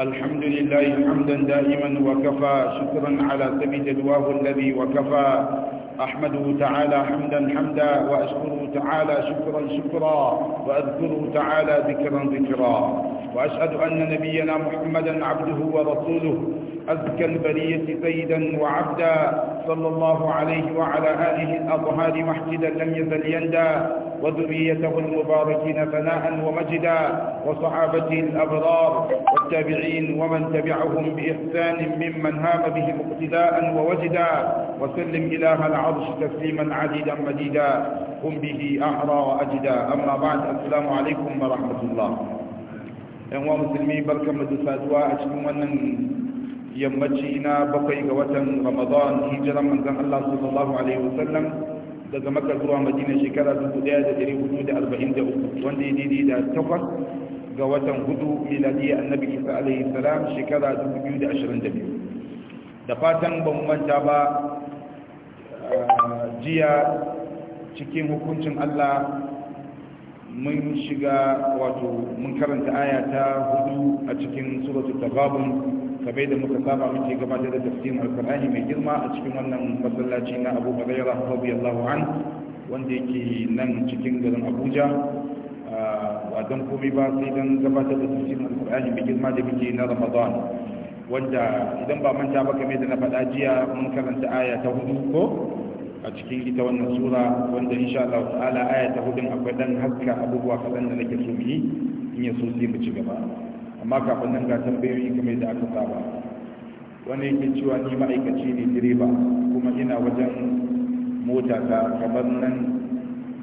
الحمد لله حمدا دائما وكفى شكرا على سبيل الله الذي وكفى أحمده تعالى حمدا حمدا وأشكره تعالى شكرا شكرا وأذكره تعالى ذكرا ذكرا وأشهد أن نبينا محمدا عبده ورسوله أزكى البرية سيدا وعبدا صلى الله عليه وعلى آله الأطهار محجدا لم يزل يندى وذريته المباركين ثناء ومجدا وصحابته الأبرار والتابعين ومن تبعهم بإحسان ممن هام بهم اقتداء ووجدا وسلم إله العرش تسليما عديدا مديدا قم به أحرى وأجدا أما بعد السلام عليكم ورحمة الله انوا مسلمين بركة da saduwa a cikin wannan yammaci na bakwai ga الله ramadan hijiran manzon Allah daga maka zuwa madina shekara 1443 wanda ya daidai da takwas ga watan hudu miladiyya annabi isa alaihi salam shekara 2022 da fatan ban mu manta ba ah, jiya cikin hukuncin allah mun shiga wato mun karanta aya ta hudu a cikin suratul tagabun kamar da muka saba muke gabatar da tafsirin alkur'ani mai girma a cikin wannan masallaci na abu huraira radiyallahu an wanda yake nan cikin garin abuja ah, ba don komai ba sai don gabatar da tafsirin alkur'ani mai girma da muke na ramadan wanda idan ba manta ba kamar da na faɗa jiya mun karanta aya ta hudu ko a cikin ita wannan sura wanda insha Allah ta'ala aya ta hudun akwai dan haska abubuwa kaɗan da nake so mu yi in ya so sai mu ci gaba amma kafin nan ga tambayoyi kamar yadda aka saba wani yake cewa ni ma'aikaci ne direba kuma ina wajen mota ta kamar nan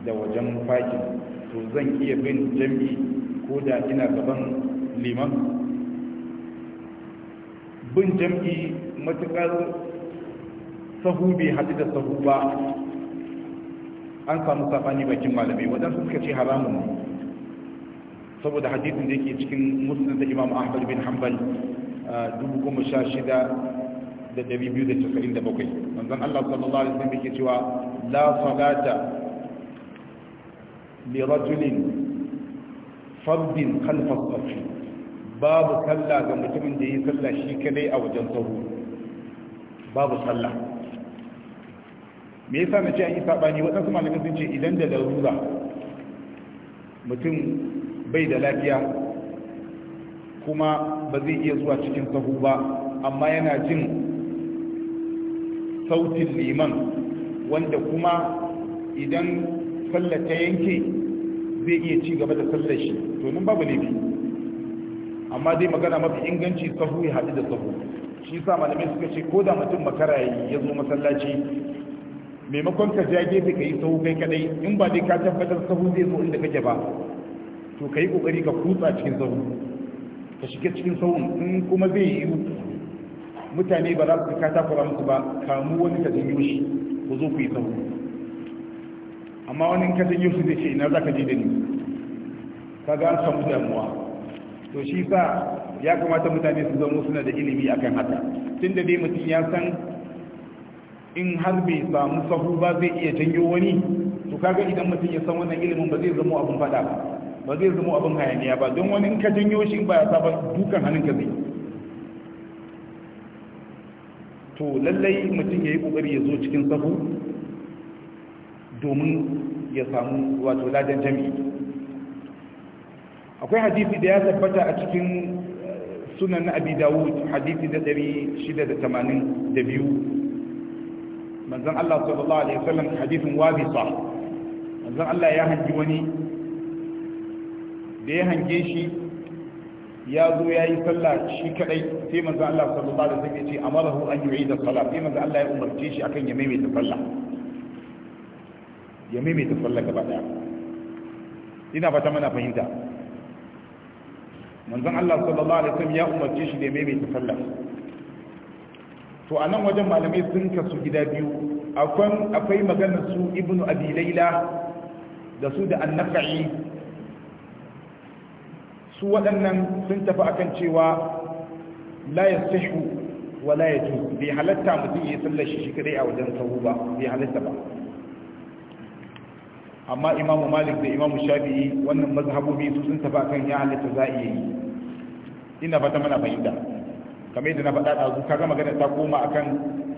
da wajen fakin to zan iya bin jami ko da ina gaban liman bin jami matuƙar sahu bai haɗu da sahu ba an samu safani bakin malamai waɗansu suka ce haramun ne saboda hadisin da yake cikin muslim da imam ahmad bin hanbal 16,297 manzan allah sallallahu alaihi wasallam yake cewa la salata li rajulin fardin khalfa safi babu sallah ga mutumin da yi sallah shi kadai a wajen sahu babu sallah me yasa na ce an yi sabani waɗansu malamin sun ce idan da larura mutum bai da lafiya kuma ba zai iya zuwa cikin sahu ba amma yana jin sautin liman wanda kuma idan sallar ta yanke zai iya ci gaba da sallar shi to nan babu laifi amma dai magana mafi inganci sahu ya haɗu da sahu shi sa malamai suka ce ko da mutum makara ya zo masallaci maimakon ka ja gefe ka yi sahu kai kadai in ba dai ka tabbatar sahu zai zo inda kake ba to ka yi ƙoƙari ka kutsa cikin sahu ka shiga cikin sahun in kuma zai yi mutane ba za su ka takura musu ba kamu wani ka janyo shi ku zo ku yi sahu amma wani ka janyo shi zai ce ina za ka je da ni ka ga an samu damuwa to shi sa ya kamata mutane su zama suna da ilimi akan haka tun da dai mutum ya san in har bai samu sahu ba zai iya janyo wani to kaga idan mutum ya san wannan ilimin ba zai zama abun faɗa ba ba zai zama abin hayaniya ba don wani in ka janyo shi ba ya saba dukan hannun ka zai to lallai mutum ya yi kokari ya zo cikin sahu domin ya samu wato ladan jami'i akwai hadisi da ya tabbata a cikin eh, sunan na abi dawud hadisi da 682 manzan Allah sallallahu alaihi wasallam hadisin wabisa manzan Allah ya hanji wani da ya hange shi ya zo ya yi sallah shi kadai sai manzo Allah sallallahu alaihi wasallam ya ce amarahu an yu'ida sallah, sai manzo Allah ya umarce shi akan ya maimaita sallah ya maimaita sallah gaba daya ina fata mana fahimta manzon Allah sallallahu alaihi wasallam ya umarce shi da ya maimaita sallah to a nan wajen malamai sun kasu gida biyu akwai maganar su ibnu abi laila da su da annafa'i su waɗannan sun tafi akan cewa la yasihu wa la yajuz bi halatta mutum ya sallar shi kadai a wajen sahu ba bai halatta ba amma imamu malik da imamu shafi'i wannan mazhabobi su sun tafi akan ya halatta za iya yi ina fata mana fahimta kamar yadda na faɗa da zu kaga magana ta koma akan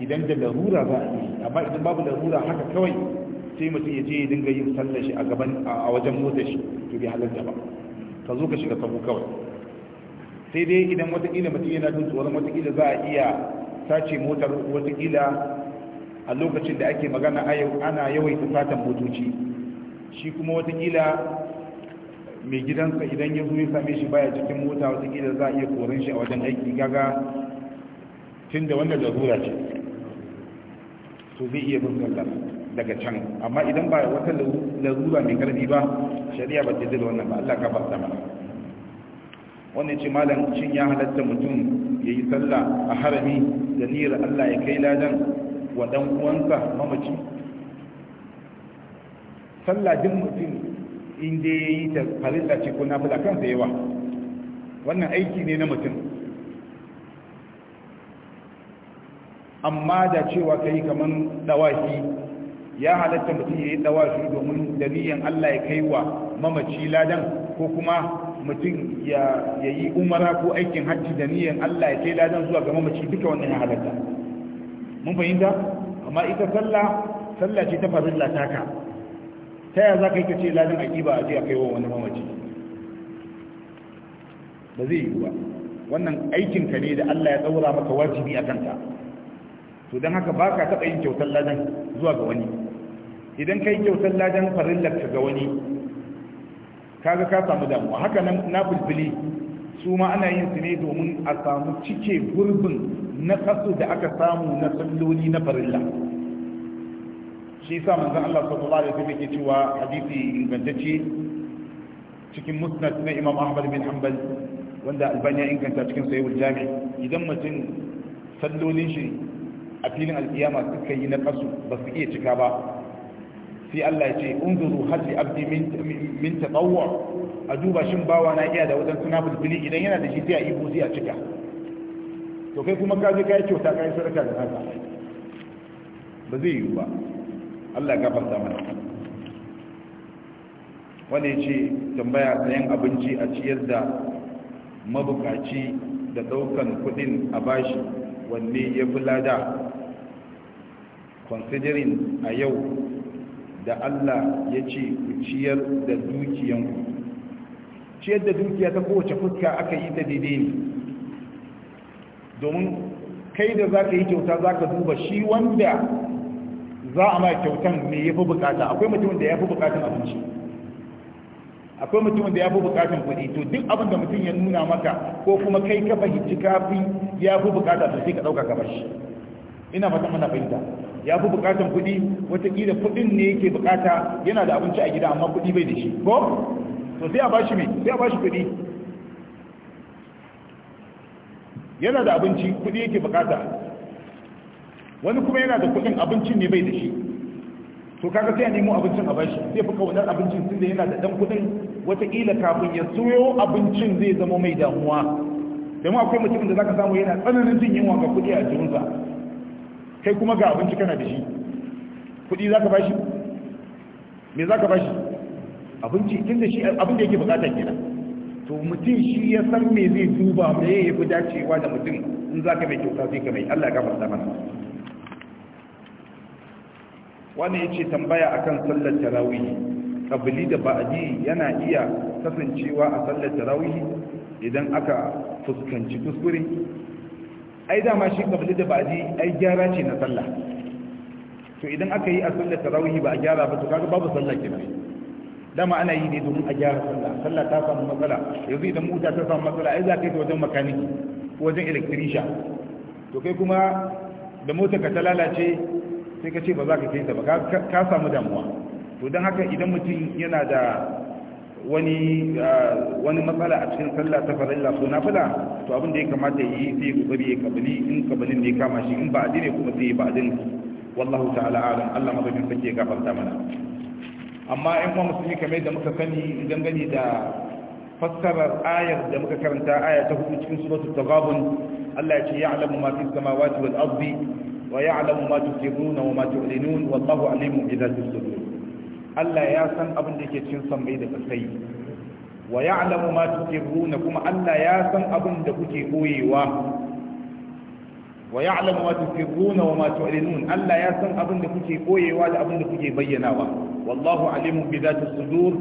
idan da larura za a yi amma idan babu larura haka kawai sai mutum ya je ya dinga yin sallar shi a gaban a wajen motsa shi to bai halatta ba ka zo ka shiga sabu kawai sai dai idan watakila mutum yana tsoron watakila za a iya sace motar watakila a lokacin da ake magana ana yawaita fatan motoci shi kuma watakila mai gidansa idan ya zo ya same shi baya cikin mota watakila za a iya koran shi a wajen aiki gaga tun da wannan larura ce to zai iya bin gaggara daga can amma idan ba wata larura mai karfi ba shari'a ba ta zai wannan ba Allah ka farta mana wanda ce malam cin ya halatta mutum ya yi sallah a harami da niyyar Allah ya kai ladan wa dan uwansa mamaci sallah din mutum in dai ya yi ta farilla ce ko na nafila da yawa wannan aiki ne na mutum amma da cewa ka yi kamar dawaki ya halatta mutum ya yi dawashi domin da Allah ya kai wa mamaci ladan ko kuma mutum ya yi umara ko aikin hajji da niyan Allah ya kai ladan zuwa ga mamaci duka wannan ya halatta mun fahimta amma ita sallah sallah ce ta farilla taka ta yaya za ka yi kace ce ladan aƙiba a je a kai wa wani mamaci ba zai yi ba wannan aikinka ne da Allah ya tsaura maka wajibi a kanta to don haka ba ka taɓa yin kyautar ladan zuwa ga wani idan kai kyautar ladan farillar ka ga wani kaga ka samu damuwa haka nan na bulbuli su ma ana yin su ne domin a samu cike gurbin na kaso da aka samu na tsalloli na farilla shi sa manzon Allah sallallahu alaihi wasallam yake cewa hadisi ingantacce cikin musnad na Imam Ahmad bin Hanbal wanda Albani ya inganta cikin Sahihul Jami idan mutum sallolin shi a filin alkiyama suka yi na kasu ba su iya cika ba sai Allah ya ce unzuru hali abdi min tatawwa a duba shin bawa na iya da wajen suna bulbuli idan yana da shi sai a yi buzi a cika to kai kuma ka je ka kyauta ka yi sadaka da haka ba zai yiwu ba Allah ya gafarta mana wani ya ce tambaya sayan abinci a ciyar da mabukaci da daukan kudin a bashi wanne ya fi lada considering a yau da Allah ya ce ku ciyar da dukiyanku ciyar da dukiya ta kowace fuska aka yi ta daidai ne domin kai da za ka yi kyauta za ka duba shi wanda za a ma kyautan me ya fi bukata akwai mutumin da ya fi bukatan abinci akwai mutumin da ya fi bukatan kuɗi to duk abin da mutum ya nuna maka ko kuma kai ka fahimci kafi ya fi bukata to sai ka ɗauka ka shi ina fata mana fahimta ya fi bukatan kuɗi watakila kuɗin ne yake bukata yana da abinci a gida amma kuɗi bai da shi ko to sai a bashi mai sai a bashi kuɗi yana da abinci kuɗi yake bukata wani kuma yana da kuɗin abincin ne bai da shi to kaga sai a nemo abincin a bashi sai fi kaunar abincin sun da yana da ɗan kuɗin watakila kafin ya soyo abincin zai zama mai damuwa domin akwai mutumin da zaka samu yana tsananin jin yunwa ga kuɗi a jirinsa kai kuma ga abinci kana da shi kuɗi za ka bashi me za ka bashi abinci tun da shi abin da yake bukata gida. to mutum shi ya san me zai duba me ya fi dacewa da mutum in za ka mai kyauta sai ka mai Allah ya gafarta mana wani ya ce tambaya akan sallar tarawih kabili da ba'adi yana iya kasancewa a sallar tarawih idan aka fuskanci kuskure ai dama shi kabli da baji ai gyara ce na sallah to idan aka yi a sallar tarawih ba a gyara ba to kaga babu sallah kenan dama ana yi ne domin a gyara sallah sallah ta samu matsala yanzu idan mota ta samu matsala ai za ka yi ta wajen makaniki ko wajen electrician to kai kuma da motar ka ta lalace sai ka ce ba za ka kai ta ba ka samu damuwa to don haka idan mutum yana da wani ah, wani matsala a cikin sallah ta farilla ko nafila to abin da ya kamata ya yi sai kokari ya kabali in kabalin ne kama shi in ba'adi ne kuma sai ba'adin wallahu ta'ala alam Allah madaukin sake gafarta mana amma in kuma musulmi kamar da muka sani dangane da fassarar ayar da muka karanta aya ta hudu cikin suratul taghabun Allah ya ce ya'lamu ma fis samawati wal ardi wa ya'lamu ma tusirruna wa ma tu'linun wallahu alimun bi dhati sudur Allah ya san abin da ke cikin sammai da kasai wa ya'lamu ma tukirruna kuma Allah ya san abin da kuke koyewa wa ya'lamu ma tukirruna wa ma tu'linun Allah ya san abin da kuke koyewa da abin da kuke bayyanawa wallahu alimun bi dhati sudur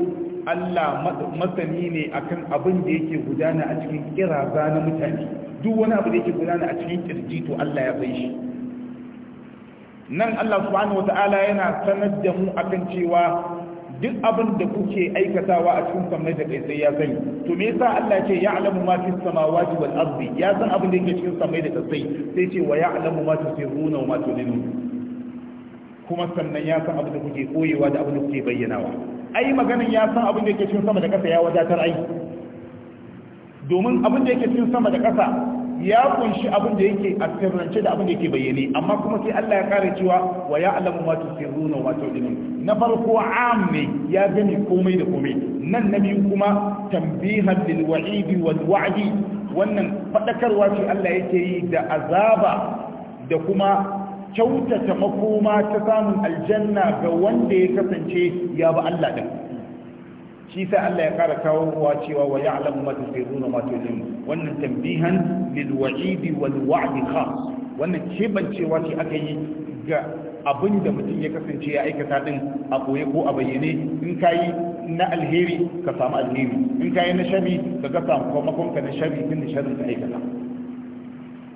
Allah masani ne akan abin da yake gudana a cikin kiraza na mutane duk wani abu da yake gudana a cikin kirji to Allah ya bai shi nan Allah subhanahu wata'ala yana sanar da mu akan cewa duk abin da kuke aikatawa a cikin sammai da kai sai ya sani to me yasa Allah ce ya alamu ma fi samawati wal ardi ya san abin da yake cikin sammai da kai sai ce wa ya'lamu ma tusirruna wa ma tulinun kuma sannan ya san abin da kuke koyewa da abin da kuke bayyanawa ai maganin ya san abin da yake cikin sama da kasa ya wadatar ai domin abin da yake cikin sama da kasa ya kunshi abin da yake a sirrance da abin da yake bayyane amma kuma sai Allah ya kare cewa wa ya'lamu ma tusirruna wa tu'linun na farko amme ya gani komai da komai nan na biyu kuma tambihan lil wa'id wal wannan fadakarwa ce Allah yake yi da azaba da kuma kyautata makoma ta samun aljanna ga wanda ya kasance ya ba Allah din shi sa Allah ya kara kawo wa cewa wa ya'lamu ma tusirruna ma tu'linu wannan tambihan lil wa'idi wal wa'di khas wannan kebancewa ce aka yi ga abin da mutum ya kasance ya aikata din a koye ko a bayyane in ka yi na alheri ka samu alheri in ka yi na shari ka ga sakamakon ka na shari din da sharri ka aikata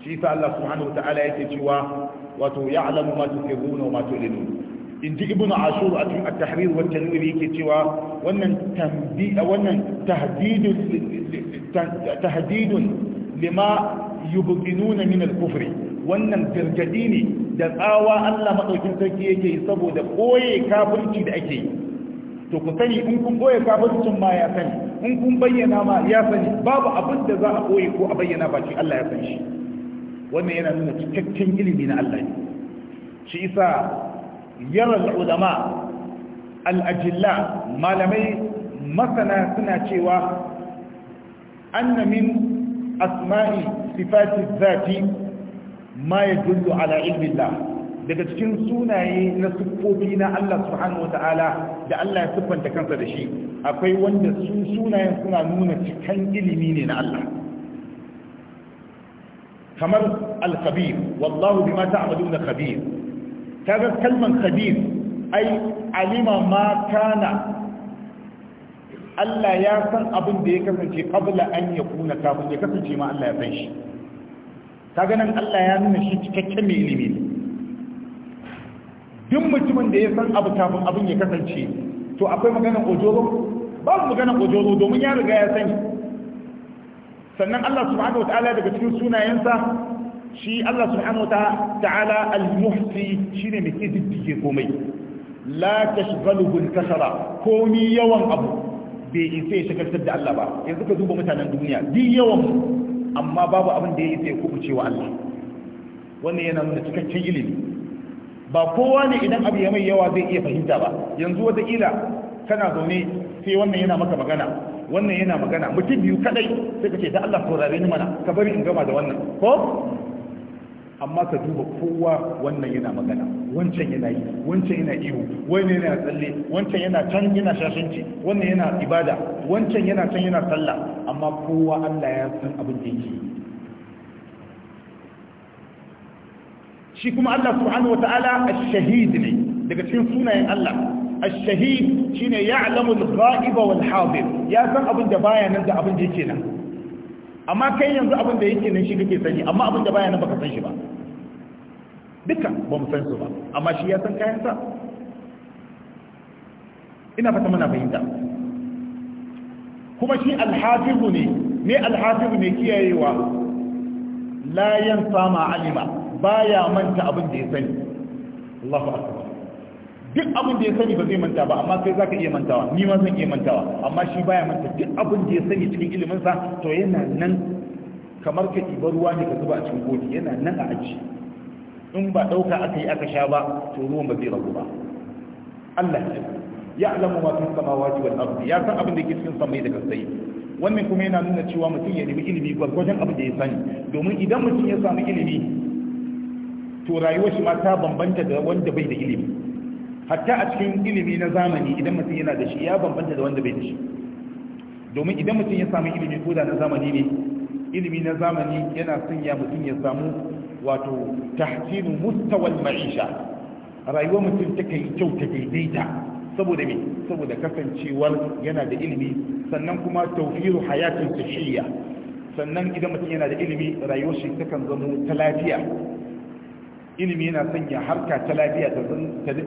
shi sa Allah subhanahu wa ta'ala ya yake cewa wato ya'lamu ma tusirruna wa ma tu'linu in ji ibn ashur a cikin at-tahrir wa at-tanwir yake cewa wannan tambi wannan tahdidun tahdidun lima yubqinuna min al-kufri wannan gargadi ne da tsawa Allah madaukin sarki yake saboda koye kafirci da ake yi to ku sani in kun koye kafircin ma ya sani in kun bayyana ma ya sani babu abin da za a koye ko a bayyana ba shi Allah ya san shi wannan yana nuna cikakken ilimi na Allah ne shi isa yaran ulama al'ajilla malamai masana suna cewa anna min asma'i sifati zafi ma ya jullu ala ilmillah daga cikin sunaye na siffofi na Allah subhanahu ta'ala da Allah ya siffanta kansa da shi akwai wanda su sunayen suna nuna cikin ilimi ne na Allah kamar al-khabir wallahu bima ta'maluna khabir kaga kalman khabir ai alima ma kana Allah ya san abin da ya kasance kabla an ya kuna kafin ya kasance ma Allah ya san shi kaga nan Allah ya nuna shi cikakken mai ilimi duk mutumin da ya san abu kafin abin ya kasance to akwai maganar ojoro ba su maganar ojoro domin ya riga ya sani sannan Allah subhanahu wataala daga cikin sunayensa shi Allah subhanahu wa ta'ala al-muhsi shine mai kididdige komai la tashghaluhu al-kasara komi yawan abu bai isa ya shagaltar da Allah ba yanzu ka duba mutanen duniya bi yawan amma babu abin da ya isa ya kubuce wa Allah wannan yana nuna cikakken ilimi ba kowa ne idan abu ya mai yawa zai iya fahimta ba yanzu wata ila kana zaune sai wannan yana maka magana wannan yana magana mutum biyu kadai sai ka ce da Allah saurare ni mana ka bari in gama da wannan ko amma ka duba kowa wannan yana magana wancan yana yi wancan yana ihu wannan yana tsalle wancan yana can yana shashanci wannan yana ibada wancan yana can yana sallah amma kowa Allah ya san abin da yake shi kuma Allah subhanahu wataala ash-shahid ne daga cikin sunayen Allah ash-shahid shine ya'lamu al-ghaiba wal hadir ya san abin da baya nan da abin da yake nan amma kai yanzu abin da yake nan shi kake sani amma abin da baya nan baka san shi ba dukkan ba mu san su ba amma shi ya san kayan sa ina fata muna fahimta kuma shi alhafizu ne ne alhafizu ne kiyayewa la yansa ma alima baya manta abin da ya sani Allahu akbar duk abin da ya sani ba zai manta ba amma kai zaka iya mantawa ni ma zan iya mantawa amma shi baya manta duk abin da ya sani cikin ilimin sa to yana nan kamar ka ɗiba ruwa ne ka zuba a cikin kofi yana nan a aji in ba ɗauka aka yi aka sha ba to ruwan ba zai ragu ba Allah ya ya alamu ma fi samawati wal ardi ya san abin da ke cikin samai da kasai wannan kuma yana nuna cewa mutum ya nemi ilimi gwargwajon abin da ya sani domin idan mutum ya samu ilimi to rayuwar shi ma ta bambanta da wanda bai da ilimi hatta a cikin ilimi na zamani idan mutum yana da shi ya bambanta da wanda bai da shi domin idan mutum ya samu ilimi ko da na zamani ne ilimi na zamani yana sanya mutum ya samu wato tahsinu mustawal ma'isha rayuwar mutum ta kai kyau ta daidaita saboda me saboda kasancewar yana da ilimi sannan kuma tawfiru hayatin sahiyya sannan idan mutum yana da ilimi rayuwar shi takan zama ta lafiya ilimi yana sanya harka ta lafiya ta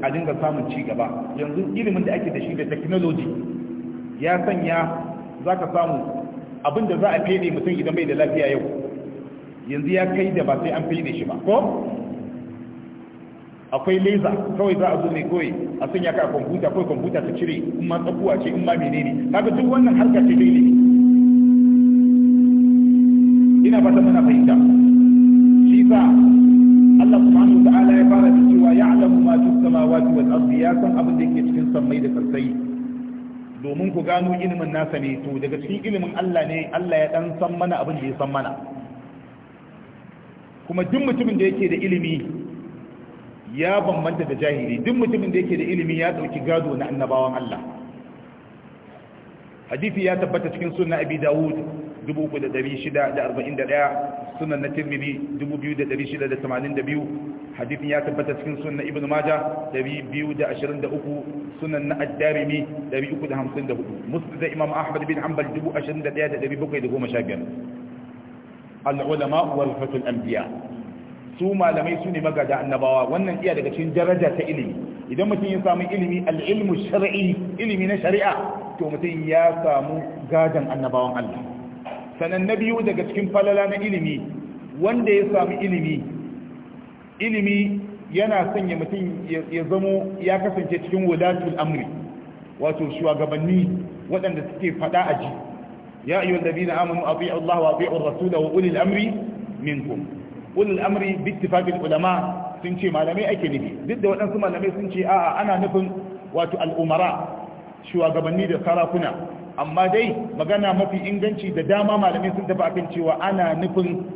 a dinga samun ci gaba yanzu ilimin da ake da shi da technology ya sanya za ka samu abin za a fede mutum idan bai da lafiya yau yanzu ya kai da ba sai an fede shi ba ko akwai leza kawai za a zo ne kawai a sanya ka a kwamfuta kawai kwamfuta ta cire in ma tsakuwa ce in ma menene kaga duk wannan harka ce dai gano ilimin nasa ne to daga cikin ilimin Allah ne Allah ya dan san mana abin da ya san mana kuma duk mutumin da yake da ilimi ya bambanta da jahili duk mutumin da yake da ilimi ya dauki gado na annabawan Allah hadisi ya tabbata cikin sunna abi dawud 3641 sunan na tirmidhi 2682 hadithin ya tabbata cikin sunan ibnu majah 223 sunan na ad-darimi 354 musnad imam ahmad bin hanbal 21715 al-ulama warafatul anbiya su malamai su ne magada annabawa wannan iya daga cikin daraja ta ilimi idan mutum ya samu ilimi al-ilmu ilimi na shari'a to mutum ya samu gadon annabawan Allah sanan na biyu daga cikin falala na ilimi wanda ya sami ilimi ilimi yana sanya mutum ya zamo ya kasance cikin wadatul amri wato shugabanni waɗanda suke faɗa a ji ya ayyuhal ladina amanu ati'u Allah wa ati'u ar-rasul wa ulil amri minkum ulil amri bi ittifaqil ulama sun ce malamai ake nufi duk da waɗansu malamai sun ce a'a ana nufin wato al'umara shugabanni da sarakuna amma dai magana mafi inganci da dama malamai sun tafi akan cewa ana nufin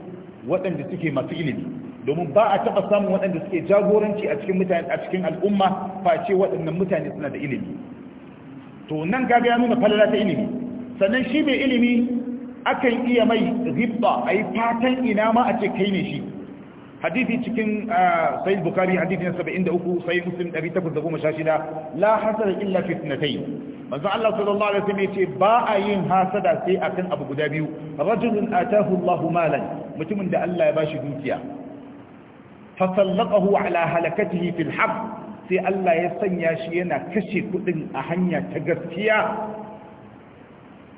waɗanda suke masu ilimi domin ba a taɓa samun waɗanda suke jagoranci a cikin mutane a cikin al'umma face waɗannan mutane suna da ilimi to nan kaga ya nuna falala ta ilimi sannan shi mai ilimi akan iya mai ribba a yi fatan ina ma a ce kai ne shi hadithi cikin ah, Sayyid bukhari hadithi na 73 sahih muslim 816 la hasara illa fitnatayn manzo Allah sallallahu alaihi wasallam yace ba a yin hasada sai akan abu guda biyu rajulun atahu Allahu malan mutumin da Allah ya bashi dukiya fasallaqahu ala halakatihi fil haqq sai Allah ya sanya shi yana kashe kudin a hanya ta gaskiya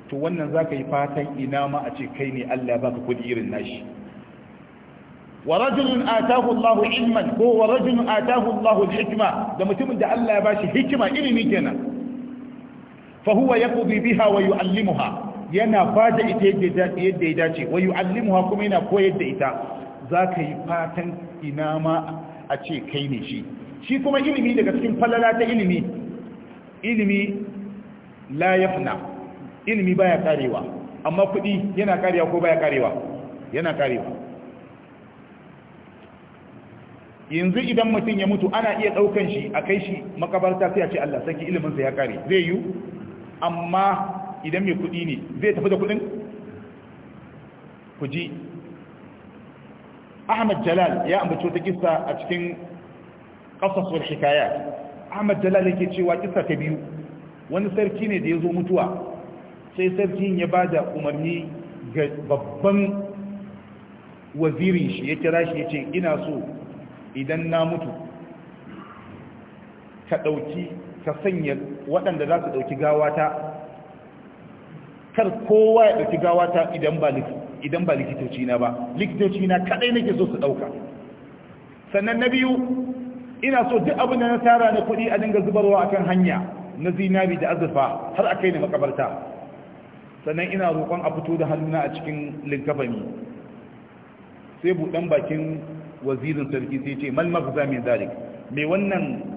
to wannan zaka yi fatan ina ma a ce kai ne Allah ya baka kudi irin nashi wa rajulun atahu Allahu ilman ko wa rajulun atahu Allahu al-hikma da mutumin da Allah ya bashi hikima ilimi kenan fa huwa yaqdi biha wa yu'allimuha yana ba da ita yadda ya dace wa yu'allimuha kuma yana koyar da ita zaka yi fatan ina ma a ce kai ne shi shi kuma ilimi daga cikin falala ta ilimi ilimi la yafna ilimi baya karewa amma kudi yana karewa ko baya karewa yana karewa yanzu idan mutum ya mutu ana iya daukan shi a kai shi makabarta sai a ce Allah saki iliminsa ya kare zai yi amma idan mai kuɗi ne zai tafi da kuɗin kuji ahmad jalal ya ambaci wata kisa a cikin ƙasaswar hikaya ahmad jalal yake cewa kisa ta biyu wani sarki ne da ya zo mutuwa sai sarkin ya ba da umarni ga babban wazirin shi ya kira shi ya ce ina so idan na mutu ka ɗauki ka sanya waɗanda za su ɗauki gawata kar kowa ya ɗauki gawata idan ba likitoci na ba likitoci na kaɗai nake so su ɗauka sannan na biyu ina so duk abin da na tara na kuɗi a dinga zubarwa akan hanya na zinari da azurfa har a kai ni makabarta sannan ina roƙon a fito da hannuna a cikin linkafani sai buɗan bakin wazirin sarki sai ce mal maghza min zalik mai wannan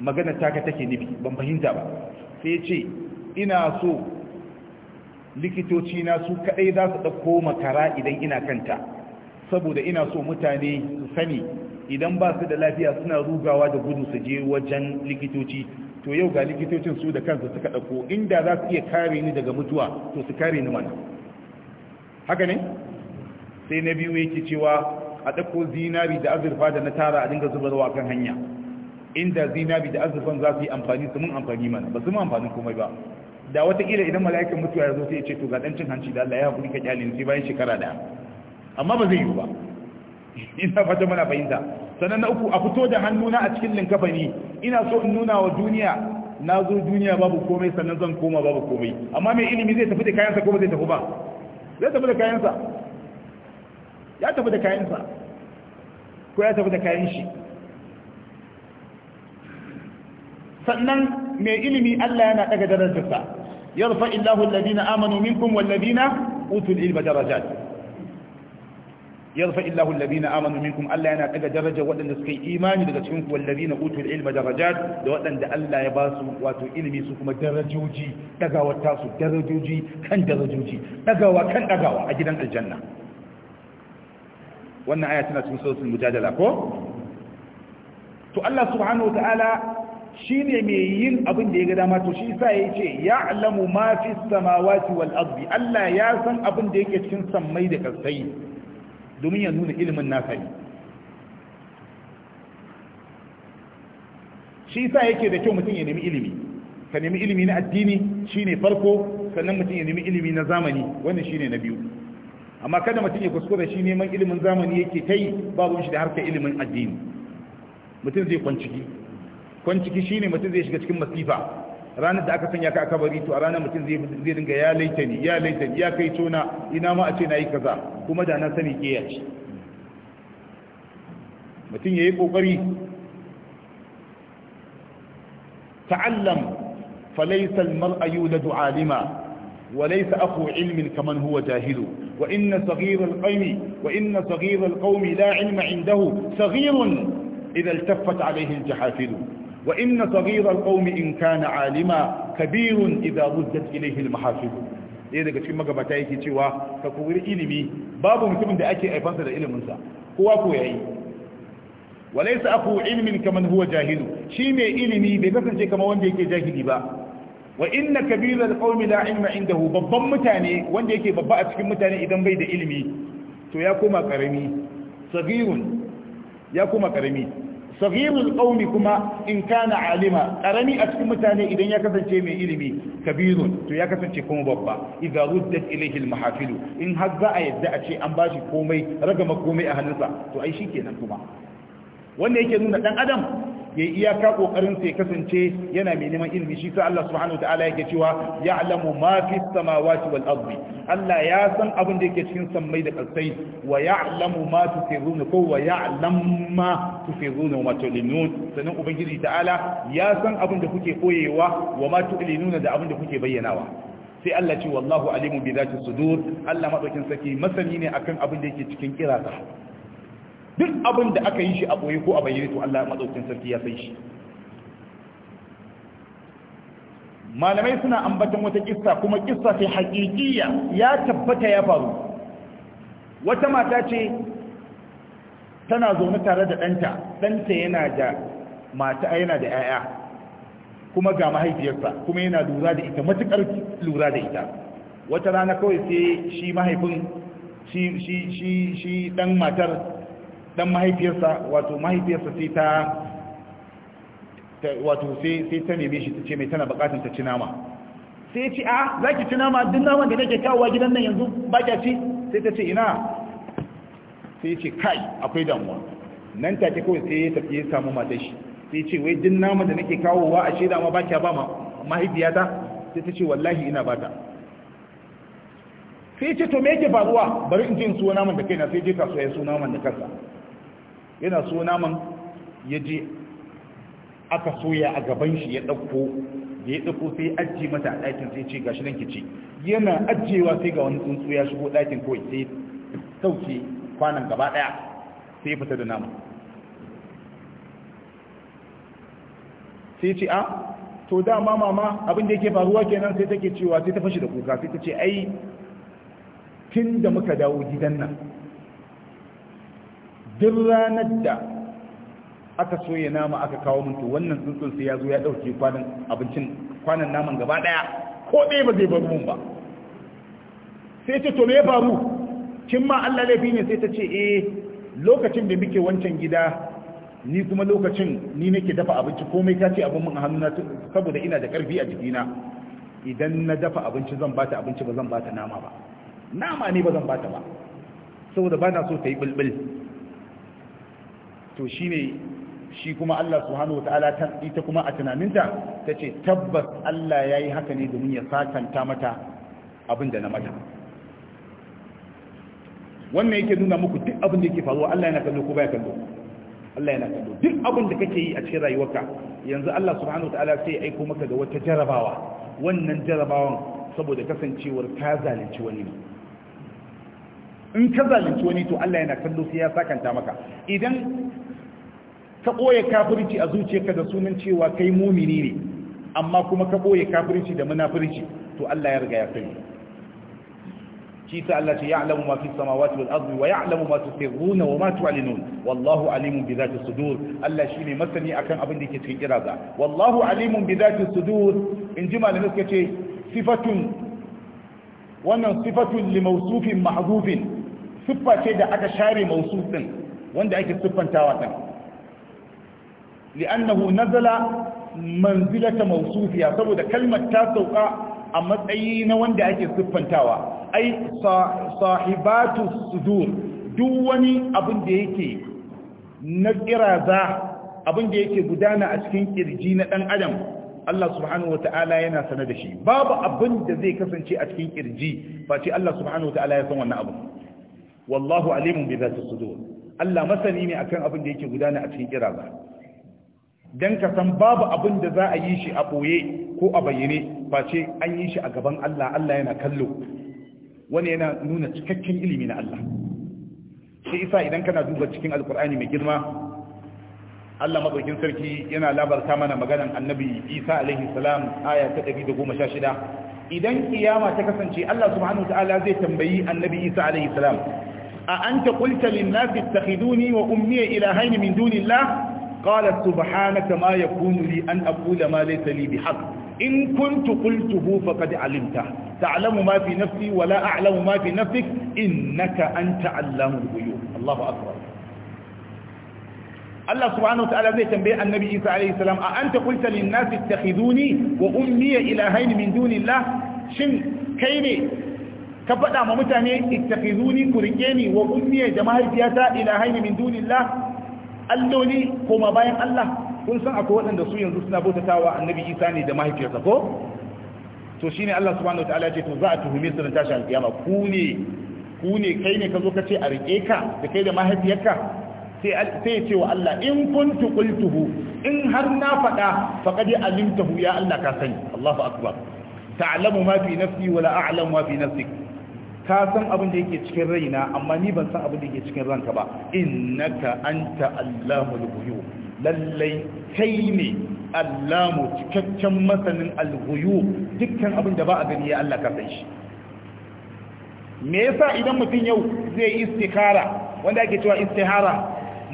magana taka take nufi ban fahimta ba sai ce ina so likitoci na su kadai za su dauko makara idan ina kanta saboda ina so mutane su sani idan ba su da lafiya suna rugawa da gudu su je wajen likitoci to yau ga likitocin su da kansu suka dauko inda za su iya kare ni daga mutuwa to su kare ni mana haka ne sai na biyu yake cewa a dauko zinari da azurfa da na tara a dinga zubarwa kan hanya inda zinabi da azurfan za su yi amfani su mun amfani mana ba su mun amfani komai ba da watakila idan mala'ikan mutuwa ya zo sai ya ce to ga dan cin hanci da Allah ya haƙuri ka kyalin sai bayan shekara da amma ba zai yi ba ina fata mana fahimta sannan na uku a fito da hannuna a cikin linkafani ina so in nuna wa duniya na zo duniya babu komai sannan zan koma babu komai amma mai ilimi zai tafi da kayansa ko ba zai tafi ba zai tafi da kayansa ya tafi da kayansa ko ya tafi da kayan shi sannan mai ilimi Allah yana daga darajarsa yarfa illahu alladhina amanu minkum walladhina utul ilma darajat yarfa illahu alladhina amanu minkum Allah yana daga darajar waɗanda suka yi imani daga cikin ku walladhina utul ilma darajat da waɗanda Allah ya ba su wato ilimi su kuma darajoji dagawa ta su darajoji kan darajoji dagawa kan dagawa a gidan aljanna wannan aya tana cikin suratul mujadala ko to Allah subhanahu wa ta'ala Shi ne mai yin abin da ya ga dama to shi ce ya alamu ma fi samawati wal ardi Allah ya san abin da yake cikin sammai da kasai domin ya nuna ilimin nasa ne shi sa yake da kyau mutum ya nemi ilimi ka nemi ilimi na addini shine farko sannan mutum ya nemi ilimi na zamani wannan shine na biyu amma kada mutum ya kuskura shi neman ilimin zamani yake kai babu shi da harkar ilimin addini mutum zai kwanciki kwan ciki shine mutum zai shiga cikin masifa ranar da aka sanya ka aka bari to a ranar mutum zai zai dinga ya laita ni ya laita ni ya kai tona ina ma a ce nayi kaza kuma da na sani ke ya ci mutum yayi kokari ta'allam falaysa al-mar'a yuladu 'alima وليس أخو علم كمن هو جاهل وإن صغير القوم وإن صغير القوم لا علم عنده صغير إذا التفت عليه الجحافل Wa'inna inna saghira alqawmi in kana alima Kabiru idha muddat ilayhi almahafid daga cikin magabata yake cewa ka koyi ilimi babu mutumin da ake aifansa da ilimin sa kowa ko yayi walaysa aku ilmin kaman huwa jahilu shi mai ilimi bai kasance kamar wanda yake jahili ba wa inna kabira alqawmi la ilma indahu babban mutane wanda yake babba a cikin mutane idan bai da ilimi to ya koma karami sagirun ya koma karami saghirul qaumi kuma in kana alima karami a cikin mutane idan ya kasance mai ilimi kabirun to ya kasance kuma babba idza ruddat ilayhi almahafilu in har za a yadda a ce an bashi komai ragama komai a hannunsa to ai shikenan kuma wanda yake nuna dan adam ya yi iyaka kokarin sai kasance yana mai neman ilimi shi sa Allah subhanahu ya yake cewa ya'lamu ma fi samawati wal ardi Allah ya san abin da yake cikin sammai da ƙasai wa ya'lamu ma tusirruna ko wa ya'lam ma tusirruna wa ma sanan ubangiji ta'ala ya san abin da kuke koyewa wa ma da abin da kuke bayyanawa sai Allah ce wallahu alimu bi zati sudur Allah madaukin saki masani ne akan abin da yake cikin kirasa duk abin da aka yi shi a boye ko a bayyane to Allah madaukakin sarki ya san shi malamai suna ambaton wata kissa kuma kissa ce haƙiƙiya ya tabbata ya faru wata mata ce tana zaune tare da danta. ɗanta yana da mata yana da 'ya'ya kuma ga mahaifiyarsa kuma yana lura da ita matuƙar lura da ita wata rana kawai sai shi mahaifin shi shi shi ɗan matar dan mahaifiyarsa wato mahaifiyarsa sai ta wato sai ta neme shi ta ce mai tana bukatun ta ci nama sai ya ce a ah, za ki ci nama duk naman da nake kawowa gidan nan yanzu ba kya ci sai ta ce ina sai ce kai akwai damuwa nan ta ke kawai sai ya tafi ya samu matar shi sai ce wai duk naman da nake kawowa a shaida ma ba kya ba mahaifiyata sai ta ce wallahi ina ba ta. sai ce to me yake faruwa bari in je in suwa naman da kaina sai je kasuwa ya su naman da kansa yana so naman ya je aka soya a gaban shi ya ɗauko da ya ɗauko sai ajiye mata a ɗakin sai ce shi nan ki ci yana ajiyewa sai ga wani tsuntsu ya shigo ɗakin kawai sai sauke kwanan gaba ɗaya sai fita da naman sai ce a ah, to dama mama abin da yake faruwa kenan sai take cewa sai ta fashi da kuka sai ta ce ai tun da muka dawo gidan nan duk ranar da aka soya nama aka kawo mintu wannan tsuntsun sai ya zo ya dauke kwanan abincin kwanan naman gaba daya ko dai ba zai baro mun ba sai ce to me ya faru kin ma Allah laifi ne sai ta ce eh lokacin da muke wancan gida ni kuma lokacin ni nake dafa abinci komai ta ce abin mun a hannuna saboda ina da karfi a jikina idan na dafa abinci zan bata abinci ba zan bata nama ba nama ne ba zan bata ba saboda ba na so ta yi bulbul to shi ne, shi kuma Allah wa wataala ta ita kuma a tunaninta ta ce tabbas Allah ya yi haka ne domin ya sakanta mata abin da na mata wannan yake nuna muku duk abin da yake faruwa Allah yana kallo ko baya kallo Allah yana kallo duk abin da kake yi a cikin rayuwarka yanzu Allah subhanahu wataala sai ya aiko maka da wata jarabawa wannan jarabawan saboda kasancewar ka zalunci wani ne in ka zalunci wani to Allah yana kallo sai ya sakanta maka idan ka ɓoye kafirci a zuciyarka da sunan cewa kai mumini ne amma kuma ka ɓoye kafirci da munafirci to Allah ya riga ya sani shi ta Allah ce ya ma masu samawati wal ardi wa ya ya'lamu ma tusirruna wa ma tu'linun wallahu alimun bi dhati sudur Allah shi shine masani akan abin da yake cikin kiraza wallahu alimun bi dhati sudur in ji malamin suka ce sifatun wannan sifatun li mawsufin mahdhufin siffa ce da aka share mawsuf wanda ake siffantawa din li'annahu nazala manzilata mawsufiya saboda kalmar ta sauka a matsayi na wanda ake siffantawa ai sahibatu sudur duk wani abin da yake na kiraza abin da yake gudana a cikin kirji na dan adam Allah subhanahu wata'ala yana sanar da shi babu abin da zai kasance a cikin kirji face Allah subhanahu wata'ala ya san wannan abu wallahu alimun bi zati sudur Allah masani ne akan abin da yake gudana a cikin kiraza don ka san babu abin da za a yi shi a ɓoye ko a bayyane face an yi shi a gaban Allah Allah yana kallo wani yana nuna cikakken ilimi na Allah shi isa idan kana duba cikin alkur'ani mai girma Allah madaukin sarki yana labarta mana maganan annabi isa alaihi salam aya ta shida. idan kiyama ta kasance Allah subhanahu wataala zai tambayi annabi isa alaihi salam a anta qulta lin nasi ittakhiduni wa ummi ilahayn min dunillah قالت سبحانك ما يكون لي أن أقول ما ليس لي بحق إن كنت قلته فقد علمته تعلم ما في نفسي ولا أعلم ما في نفسك إنك أنت علام الغيوب الله أكبر الله سبحانه وتعالى زي تنبيه النبي إيسى عليه السلام أأنت قلت للناس اتخذوني وأمي إلهين من دون الله شن كيني كفتا ممتاني اتخذوني كريني وأمي جماهر فياتا إلهين من دون الله alloli koma bayan Allah kun san akwai waɗanda su yanzu suna bautatawa annabi Isa ne da mahaifiyarsa ko to shine Allah subhanahu wataala ya ce to za a tuhume su da tashi alkiyama ku ne ku ne kai ne ka zo ka ce a rike ka da kai da mahaifiyarka sai ya ce wa Allah in kuntu qultuhu in har na faɗa faqad alimtahu ya Allah ka sani Allahu akbar ta'lamu ma fi nafsi wa la a'lamu ma fi nafsika ka san abin da yake cikin raina amma ni ban san abin da yake cikin ranka ba innaka anta allamul ghuyub lallai kai ne allamu cikakken masanin alghuyub dukkan abin da ba a gani ya Allah ka san shi me yasa idan mutum yau zai istikhara? wanda ake cewa istihara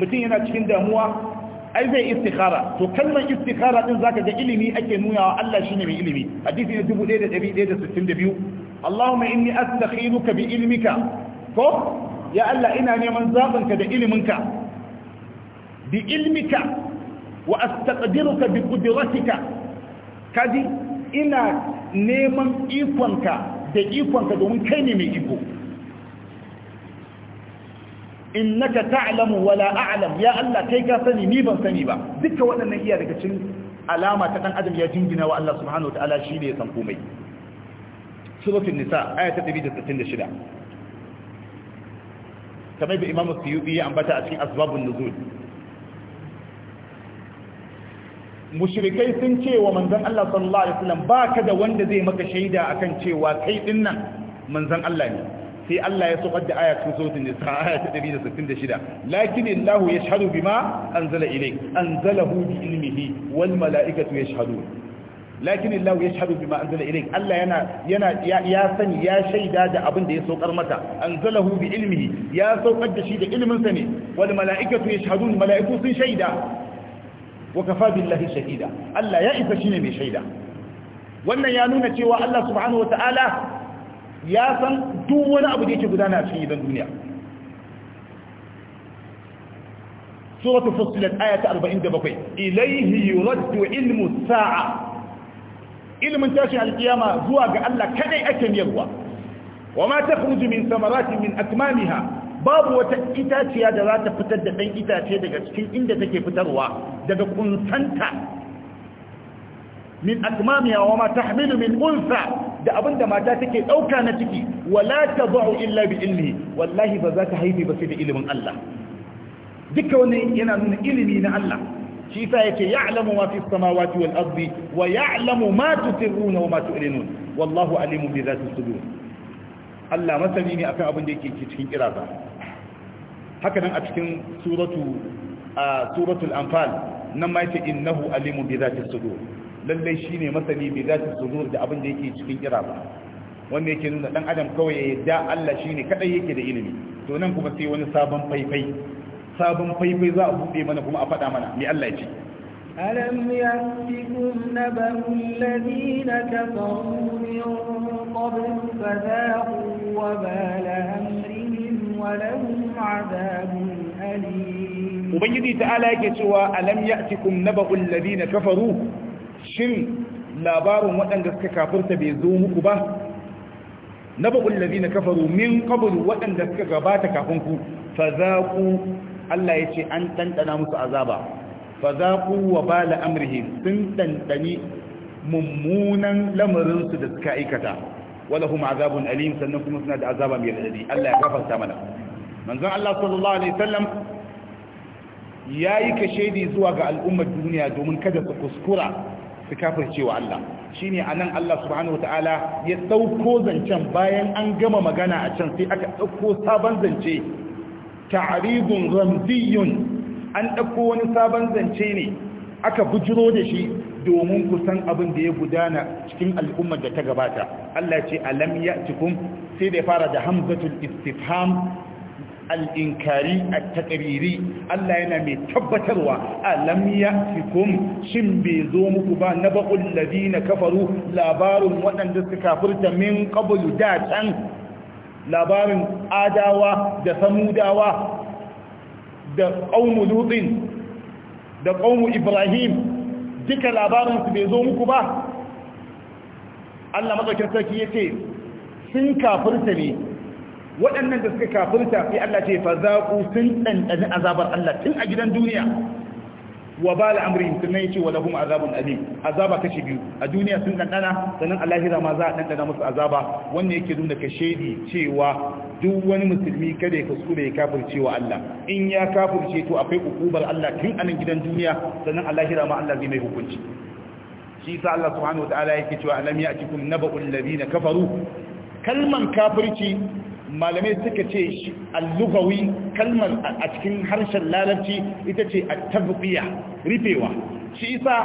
mutum yana cikin damuwa ai zai istikhara. to kalmar istikara din zaka ga ilimi ake nuna wa Allah shine mai ilimi hadisi ne 1162 Allahumma inni astakhiruka bi ilmika ko ya Allah ina neman zabanka da iliminka bi ilmika wa astaqdiruka bi qudratika kadi ina neman ikonka da ikonka domin kai ne mai iko innaka ta'lamu wa la a'lam ya Allah kai ka sani ni ban sani ba duka waɗannan iya daga cikin alama ta dan adam ya jingina wa Allah subhanahu wa ta'ala shine ya san komai suratun nisa aya ta 166 kamar da imamu suyubi ya ambata a cikin asbabun nuzul mushrikai sun ce wa manzon Allah sallallahu alaihi wasallam ka da wanda zai maka shaida akan cewa kai dinnan manzon Allah ne sai Allah ya sokar da aya cikin suratul nisa aya ta 166 lakin Allahu yashhadu bima anzala ilayk anzalahu bi ilmihi wal malaikatu yashhadun lakin Allah ya shahadu bima anzala ilayk Allah yana yana ya sani ya shaida da abin da ya saukar maka anzalahu bi ilmihi ya saukar da shi da ilmin sa ne wal mala'ikatu yashhadun mala'iku sun shaida wa kafa billahi shahida Allah ya isa shine mai shaida wannan ya nuna cewa Allah subhanahu wata'ala ya san duk wani abu da yake gudana a cikin duniya suratul fussilat ayat 47 ilayhi yuraddu ilmu as-sa'a ilimin tashin alkiyama zuwa ga Allah kadai ake miyarwa wa ma takhruju min samaratin min akmamiha babu wata itaciya da za ta fitar da ɗan itace daga cikin inda take fitarwa daga kunsanta min akmamiha wa ma tahmilu min unsa da abinda mata take ɗauka na ciki wala tadau illa bi ilmi wallahi ba za ta haifi ba sai da ilimin Allah duka yana nuna ilimi na Allah shi yasa yake ya'lamu ma fi samawati wal ardi wa ya'lamu ma tusirruna wa ma tu'linun wallahu alimun bi dhati sudur Allah masani ne akan abin da yake cikin kiraza. haka nan a cikin suratu suratul anfal nan ma yake innahu alimun bi dhati sudur lalle shine masani bi dhati sudur da abin da yake cikin kirasa wanda yake nuna dan adam kawai ya yadda Allah shine kadai yake da ilimi to nan kuma sai wani sabon faifai sabon faifai za a buɗe mana kuma a faɗa mana mai Allah ce ألم يأتكم نبأ الذين كفروا من قبل فذاقوا وبال أمرهم ولهم عذاب أليم وبيدي تعالى يكتوى ألم يأتكم نبأ الذين كفروا شن labarin waɗanda suka kafirta bai zo muku ba na baƙullazi na kafaru min ƙabul waɗanda suka gabata kafin ku fa za ku Allah ya ce an ɗanɗana musu azaba ba za ku wa ba la'amrihim sun ɗanɗani mummunan lamarinsu da suka aikata wadda kuma azabun alim sannan kuma suna da azaba mai radadi Allah ya gafarta mana manzon Allah sallallahu alaihi wasallam yayi kashedi zuwa ga al'ummar duniya domin kada su kuskura su kafircewa Allah shi shine anan Allah subhanahu Ta'ala ya dauko zancen bayan an gama magana a can sai aka dauko sabon zance ta'aribun ramziyun an ɗauko wani sabon zance ne aka bujiro da shi domin kusan abin da ya gudana cikin al'ummar da ta gabata Allah ce alam Cikun sai da fara da hamzatul istifham al'inkari a takariri Allah yana mai tabbatarwa alam ya'tikum shin bai zo muku ba na baƙullabi na kafaru labarin waɗanda suka furta min qablu da can labarin adawa da samudawa da ƙaunu lutsin da ƙaunu ibrahim duka labarinsu bai zo muku ba allah matsakin sarki ya ce sun kafirta ne waɗannan da suka kafirta sai allah ce fa zaƙu sun ɗanɗani azabar allah tun a gidan duniya wa bala amrin sannan yace a lahum azabun alim azaba kashi biyu a duniya sun dandana sannan a lahira ma za a dandana musu azaba wanda yake nuna ka shedi cewa duk wani musulmi kada ya kuskure ya kafirce wa Allah in ya kafirce to akwai hukubar Allah tun a nan gidan duniya sannan a lahira ma Allah zai mai hukunci shi sa Allah subhanahu wa ta'ala yake cewa alam ya'tikum naba'ul ladina kafaru kalman kafirci malamai suka ce al kalmar a cikin harshen larabci ita ce a tabqiya rifewa shi isa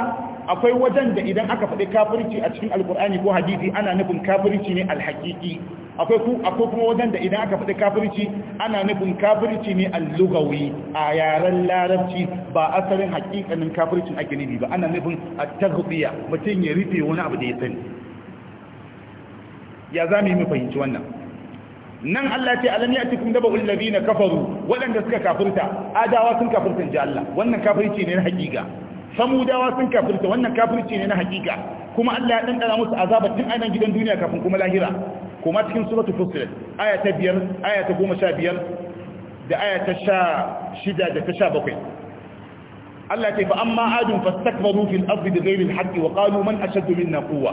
akwai wajen da idan aka faɗi kafirci a cikin alkur'ani ko hadisi ana nufin kafirci ne alhaƙiƙi akwai kuma wajen da idan aka faɗi kafirci ana nufin kafirci ne allugawi a yaren larabci ba asalin haƙiƙanin kafircin ake nufi ba ana nufin a tagbiya mutum ya rufe wani abu da ya sani ya za mu yi mu fahimci wannan nan Allah ce alam ya'tikum naba'ul na kafaru waɗanda suka kafirta adawa sun kafirta ji Allah wannan kafirci ne na hakika samudawa sun kafirta wannan kafirci ne na hakika kuma Allah ya dandana musu azabar tun ainihin gidan duniya kafin kuma lahira kuma cikin suratul fussilat aya ta 5 aya ta 15 da aya ta 16 da ta 17 Allah ce fa amma adun fastakbaru fil ardi bighayri al-haqqi wa qalu man ashaddu minna quwwa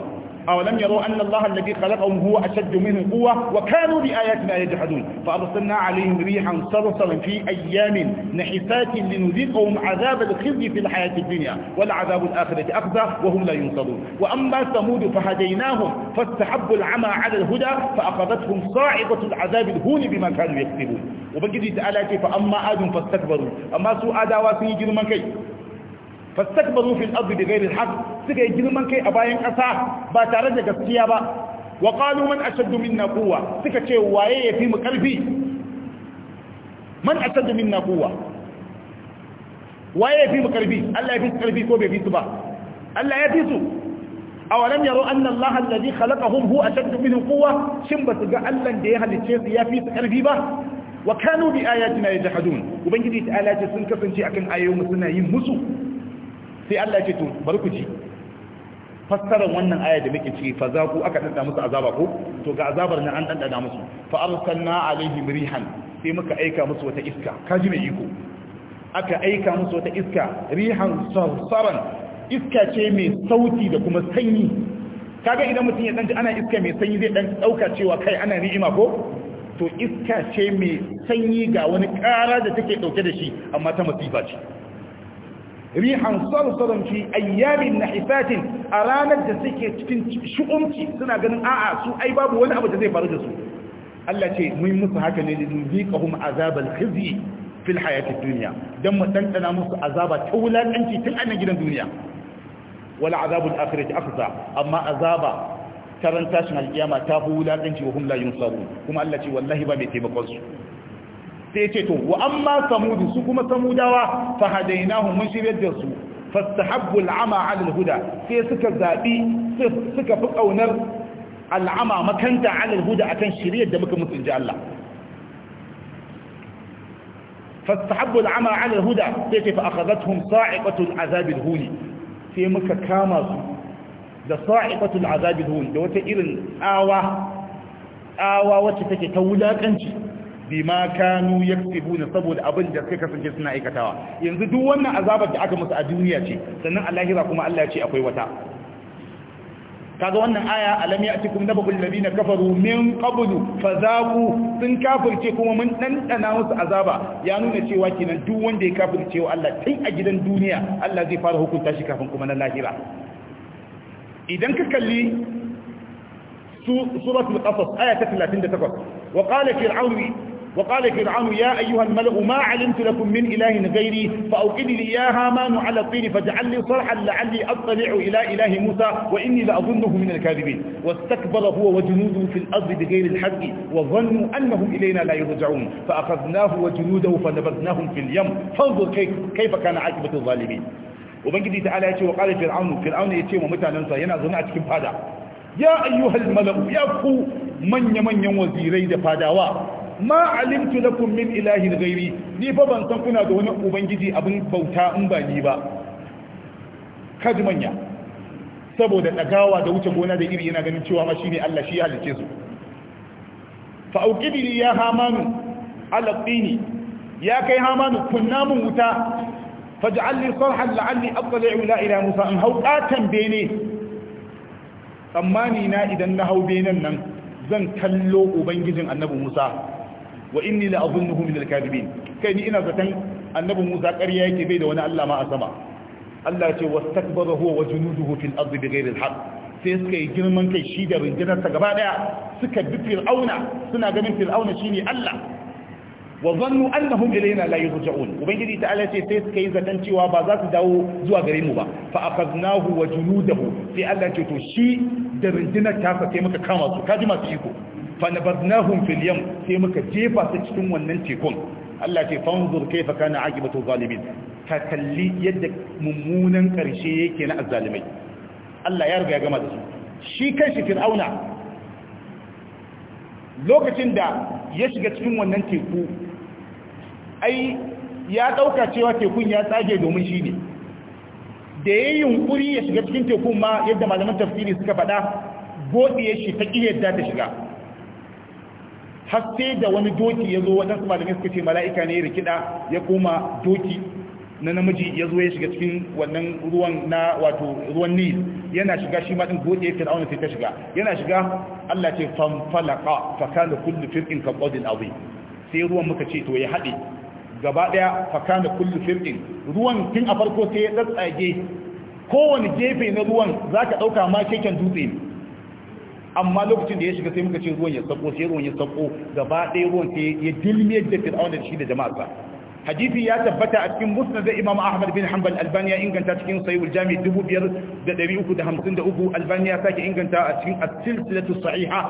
أولم يروا أن الله الذي خلقهم هو أشد منهم قوة وكانوا بآياتنا يجحدون فأرسلنا عليهم ريحا صرصرا في أيام نحسات لنذيقهم عذاب الخزي في الحياة الدنيا والعذاب الآخرة أخذى وهم لا ينصرون وأما ثمود فهديناهم فاستحبوا العمى على الهدى فأخذتهم صاعقة العذاب الهون بما كانوا يكسبون وبقيت آلاتي فأما آدم فاستكبروا أما سوء آدى واسني من كي fastakbaru fil ardi bighairi alhaq suka yi girman kai a bayan kasa ba tare da gaskiya ba wa qalu man ashaddu minna quwwa suka ce waye yafi mu karfi man ashaddu minna quwwa waye yafi mu karfi Allah yafi su karfi ko bai fi su ba Allah ya fi su awalam yaro anna Allah alladhi khalaqahum hu ashaddu minhum quwwa shin ba su ga Allah da ya halice su ya fi su karfi ba wa kanu bi ayatina yajhadun ubangiji ta alaji sun kasance akan ayoyin suna yin musu sai Allah ce to bari ku ji fassarar wannan aya da muke ciki fa za ku aka danda musu azaba ko to ga azabar nan an danda musu fa arsalna alaihi rihan sai muka aika musu wata iska kaji mai iko aka aika musu wata iska rihan sarsaran iska ce mai sauti da kuma sanyi kaga idan mutum ya danji ana iska mai sanyi zai dan dauka cewa kai ana ni'ima ko to iska ce mai sanyi ga wani kara da take dauke da shi amma ta masifa ce rihan salsalan fi ayyamin nahifatin a ranar da suke cikin shu'umci suna ganin a'a su ai babu wani abu da zai faru da su Allah ce mun musu haka ne lizuziqahum azabal khizi fil hayatid dunya dan mu dandana musu azaba ta wulakanci tun a nan gidan duniya wala azabul akhirati afza amma azaba tarantashin alkiyama ta fi wa hum la yunsaru kuma Allah ce wallahi ba mai taimakon su sai ce to wa amma samudu su kuma samudawa fa hadainahu mun shiryar da su fastahabbu al'ama 'ala al-huda sai suka zabi suka fi kaunar al'ama makanta 'ala al-huda akan shiryar da muka mutunta Allah fastahabbu al'ama 'ala al-huda sai ce fa akhadathum sa'iqatu al-'azab al-huni sai muka kama su da sa'iqatu al al-huni da wata irin tsawa tsawa wacce take ta wulakanci bima kanu yaktubuna saboda abin da suka kasance suna aikatawa yanzu duk wannan azabar da aka musu a duniya ce sannan a lahira kuma Allah ya ce akwai wata kaga wannan aya alam ya'tikum nabul ladina kafaru min qablu fazaqu sun kafirce kuma mun ɗanɗana musu azaba ya nuna cewa kenan duk wanda ya kafirce wa Allah tun a gidan duniya Allah zai fara hukunta shi kafin kuma na lahira idan ka kalli suratul qasas aya ta 38 wa qala fir'aunu وقال فرعون يا أيها الملأ ما علمت لكم من إله غيري فأوقد لي يا هامان على الطين فاجعل لي صرحا لعلي أطلع إلى إله موسى وإني لأظنه من الكاذبين واستكبر هو وجنوده في الأرض بغير الحق وظنوا أنهم إلينا لا يرجعون فأخذناه وجنوده فنبذناهم في اليم فانظر كيف كان عاقبة الظالمين وبنجدي تعالى يتي وقال فرعون فرعون يتي ومتاننسا ينا زنا cikin هذا يا أيها mala'u يا ku من يمن wazirai da fadawa ma alimtu lakum min ilahin gairi ni fa ban san kuna da wani ubangiji abin bauta in ba ni ba kaji manya saboda dagawa da wuce gona da iri yana ganin cewa ma shine Allah shi halice su fa auqidili ya hamanu ala tini ya kai hamanu kunna mun wuta faj'al li sarhan la'alli attali'u la ila musa an hauqatan bene tsammani na idan na hau benen nan zan kallo ubangijin annabi musa wa inni la azunnuhu min al-kadibin kai ni ina zaton annabi Musa ƙarya yake bai da wani Allah ma a sama Allah ce wastakbara huwa wa junuduhu fil ardi bighayri al-haq sai suka yi girman kai shi da rinjinar ta gaba daya suka bi fir'auna suna ganin fir'auna shine Allah wa zannu annahum ilayna la yurja'un ubangiji ta Allah ce sai suka yi zaton cewa ba za su dawo zuwa gare mu ba fa akhadnahu wa junudahu sai Allah ce to shi da rinjinar ta sai muka kama su kaji masu iko fanabadnahum fil yam sai muka jefa su cikin wannan tekun Allah ce fanzur kaifa kana aqibatu zalimin ka kalli yadda mummunan karshe yake na azzalimai Allah ya riga ya gama da su shi kanshi fir'auna lokacin da ya shiga cikin wannan teku ai ya dauka cewa tekun ya tsage domin shi ne da ya yi yunkuri ya shiga cikin tekun ma yadda malaman tafsiri suka faɗa godiyar shi ta ƙiyar yadda ta shiga har da wani doki ya zo waɗansu malamai suka ce mala'ika ne ya kiɗa ya koma doki na namiji ya zo ya shiga cikin wannan ruwan na wato ruwan nil yana shiga shi maɗin goɗe fir'auna sai ta shiga yana shiga allah ce fanfalaka fakana kullu fir'in ka ƙodin azim sai ruwan muka ce to ya haɗe gaba ɗaya fakana kullu fir'in ruwan tun a farko sai ya tsatsage kowane gefe na ruwan za ka ɗauka ma keken dutse amma lokacin da ya shiga sai muka ce ruwan ya sako sai ruwan ya sako gaba ɗaya ruwan sai ya dilmiyar da fir'aun da shi da jama'arsa hadisi ya tabbata a cikin musnad da imam ahmad bin hanbal albani ya inganta cikin sahihul jami 2353 albani ya sake inganta a cikin as-silsilatu sahiha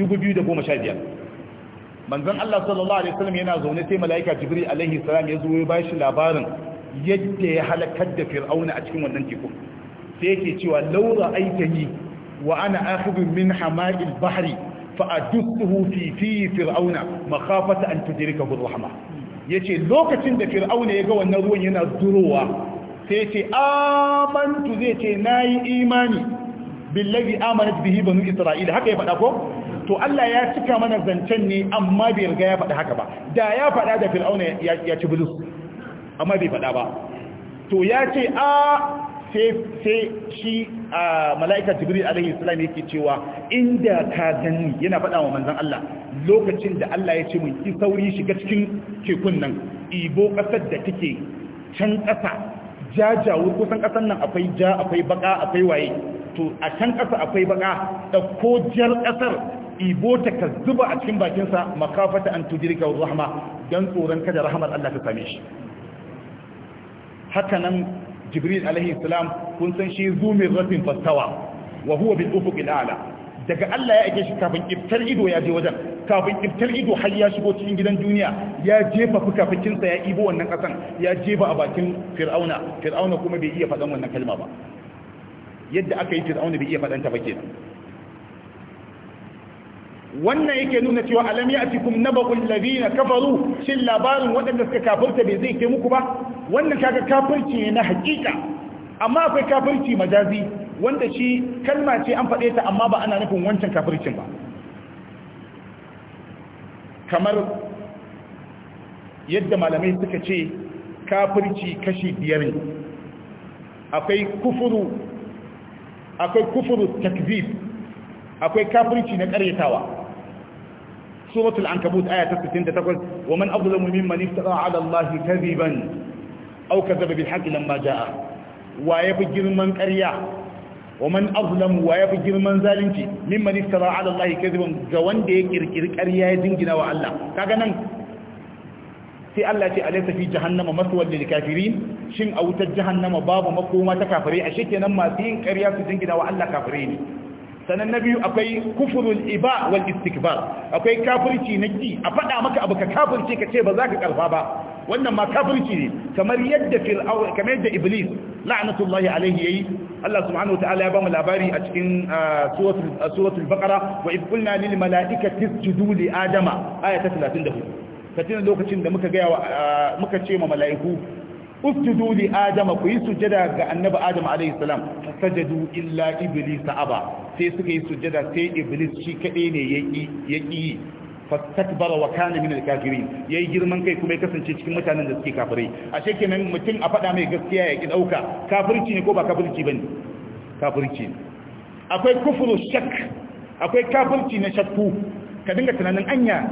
2015 manzon Allah sallallahu alaihi wasallam yana zaune sai malaika jibril alaihi salam ya zo ya bashi labarin yadda ya halakar da fir'auna a cikin wannan teku sai yake cewa laura aitani wa ana akhidhu min hama'il bahri fa duk fi fi fir'auna makhafata an tudrikahu rahma yace lokacin da fir'auna ya ga wannan ruwan yana durowa sai yace amantu zai ce nayi imani billahi amanat bihi banu isra'ila haka ya faɗa ko to Allah ya cika mana zancen ne amma bai riga ya faɗa haka ba da ya faɗa da fir'auna ya ci bulus amma bai faɗa ba to ya ce a sai shi a mala'ika jibril alaihi salam yake cewa inda ka gani yana faɗa wa manzon Allah lokacin da Allah ya ce mun ki sauri shiga cikin tekun nan ibo ƙasar da take can ƙasa jajawo kusan ƙasar nan akwai ja akwai baka akwai waye to a can ƙasa akwai baka ɗauko jar ƙasar ibo ta ka zuba a cikin bakinsa makafata an tujirka rahma don tsoron kada rahmar Allah ta same shi haka nan jibril alaihi salam kun san shi zumin rabbin fastawa wa huwa bil ufuq al a'la daga Allah ya ake shi kafin iftar ido ya je wajen kafin iftar ido har ya shigo cikin gidan duniya ya jefa fukafukinsa ya ibo wannan kasan ya jefa a bakin fir'auna fir'auna kuma bai iya faɗan wannan kalma ba yadda aka yi fir'auna bai iya ta ba kenan wannan yake nuna cewa alam ya'tikum naba'ul ladina kafaru shin labarin waɗanda suka kafirta bai zai kai muku ba wannan kaga kafirci ne na hakika amma akwai kafirci majazi wanda shi kalma ce an faɗe ta amma ba ana nufin wancan kafircin ba kamar yadda malamai suka ce kafirci kashi biyar ne akwai kufuru akwai kufuru takzib akwai kafirci na karyatawa سورة العنكبوت آية 68 ومن أظلم ممن افترى على الله كذبا أو كذب بالحق لما جاء ويفي جرمان كريا ومن أظلم ويفي جرمان ذالنتي ممن افترى على الله كذبا جوان دي كركر كريا يدنجنا وعلا كاغنان sai Allah ce alaysa fi jahannama maswal lil kafirin shin a wutar jahannama babu makoma ta kafirai ashe kenan masu yin ƙarya su dingina wa Allah kafirai ne sannan na biyu akwai kufurul iba wal istikbar akwai kafirci na ki a faɗa maka abu ka kafirce ka ce ba za ka karfa ba wannan ma kafirci ne kamar yadda fir'aun kamar yadda iblis la'natullahi alaihi yayi Allah subhanahu wataala ya bamu labari a cikin suratul suratul baqara wa id qulna lil malaikati isjudu li adama aya ta 34 katina lokacin da muka ga muka ce ma mala'iku usjudu li adama ku yi sujjada ga annabi adama alayhi salam sajadu illa iblis aba sai suka yi sujjada sai iblis shi kade ne yaki yi fastakbara wa kana min alkafirin yayi girman kai kuma ya kasance cikin mutanen da suke kafirai ashe kenan mutum a fada mai gaskiya ya ki dauka kafirci ne ko ba kafirci bane kafirci akwai kufru shak akwai kafirci na shakku ka dinga tunanin anya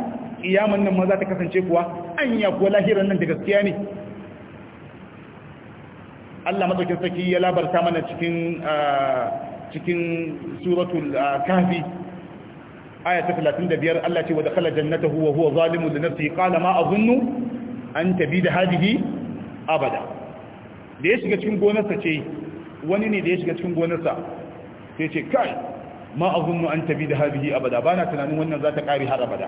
kiyaman nan ma za ta kasance kuwa anya ko lahiran nan da gaskiya ne Allah madaukin saki ya labarta mana cikin cikin suratul kafi aya ta 35 Allah ce wa dakhala jannatahu wa huwa zalimun li nafsihi qala ma azunnu an tabida hadihi abada da ya shiga cikin gonarsa ce wani ne da ya shiga cikin gonarsa sai ce kai ma azunnu an tabida hadihi abada bana tunanin wannan za ta kare har abada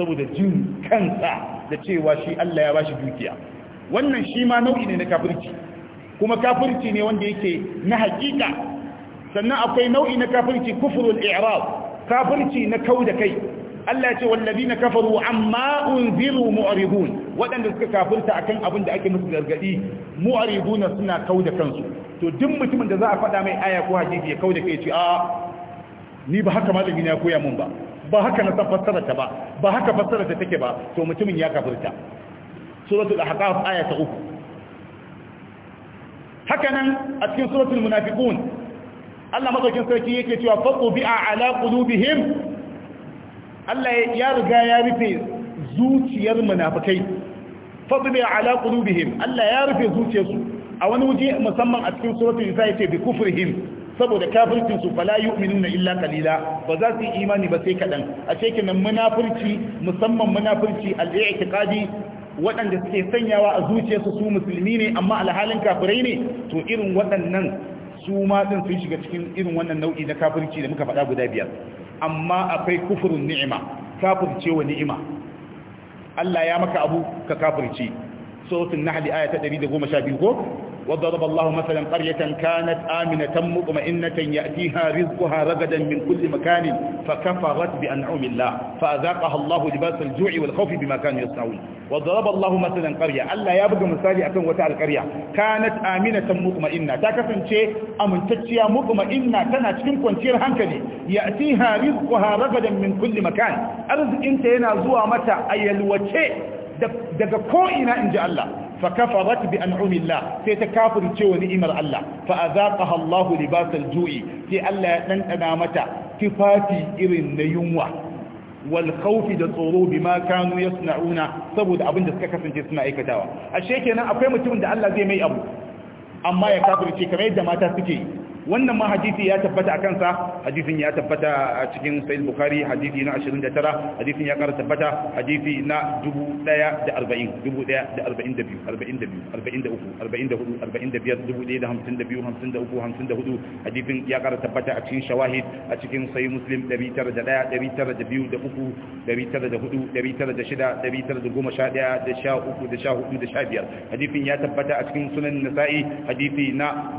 saboda jin kansa da cewa shi Allah ya bashi dukiya wannan shi ma nau'i ne na kafirci kuma kafirci ne wanda yake na hakika sannan akwai nau'i na kafirci kufrul i'rab kafirci na kauda kai Allah ya ce wallazina kafaru amma unziru mu'ridun waɗanda suka kafirta akan abin da ake musu gargadi mu'riduna suna kauda kansu to duk mutumin da za a faɗa mai aya ko hadisi ya kauda kai ya ce a ni ba haka malami na koya mun ba ba haka na san fassarar ta ba ba haka fassarar ta take ba to mutumin ya kafirta suratul ahqaf aya ta uku haka nan a cikin suratul munafiqun Allah madaukin sarki yake cewa faqu bi'a ala qulubihim Allah ya riga ya rufe zuciyar munafikai faqu bi'a ala qulubihim Allah ya rufe zuciyarsu a wani waje musamman a cikin suratul nisa yace bi kufrihim saboda kafircin su fala yu'minuna illa qalila ba za su yi imani ba sai kadan a cikin munafirci musamman munafirci al-i'tiqadi waɗanda suke sanyawa a zuciyarsu su musulmi ne amma alhalin kafirai ne to irin waɗannan su ma din sun shiga cikin irin wannan nau'i na kafirci da muka faɗa guda biyar amma akwai kufurin ni'ima wa ni'ima Allah ya maka abu ka kafirce sautin nahli aya ta 112 ko وضرب الله مثلا قرية كانت آمنة مطمئنة يأتيها رزقها رغدا من كل مكان فكفرت بأنعم الله فأذاقها الله لباس الجوع والخوف بما كانوا يصنعون وضرب الله مثلا قرية ألا يبدو مثالي أكون وتاع القرية كانت آمنة مطمئنة تكفن شيء أمن تتشيا مطمئنة تنا تكون كونتير هنكلي يأتيها رزقها رغدا من كل مكان أرز انت هنا زوا متى أيلوتي daga ko'ina in ji Allah fa kafarat bi an'amillah sai ta kafirce wa ni'imar Allah fa azaqaha Allah libasal ju'i sai Allah ya ɗanɗana mata tifati irin na yunwa wal khawfi da tsoro bima kanu yasna'una saboda abin da suka kasance suna aikatawa ashe kenan akwai mutumin da Allah zai mai abu amma ya kafirce kamar yadda mata suke wannan ma hadisi ya tabbata a kansa hadisin ya tabbata a cikin sahih bukhari hadisi na 29 hadisin ya kara tabbata hadisi na 1040 hadisin ya kara tabbata a cikin shawahid a cikin sayi muslim 901 da da da da ya tabbata a cikin sunan nasa'i hadisi na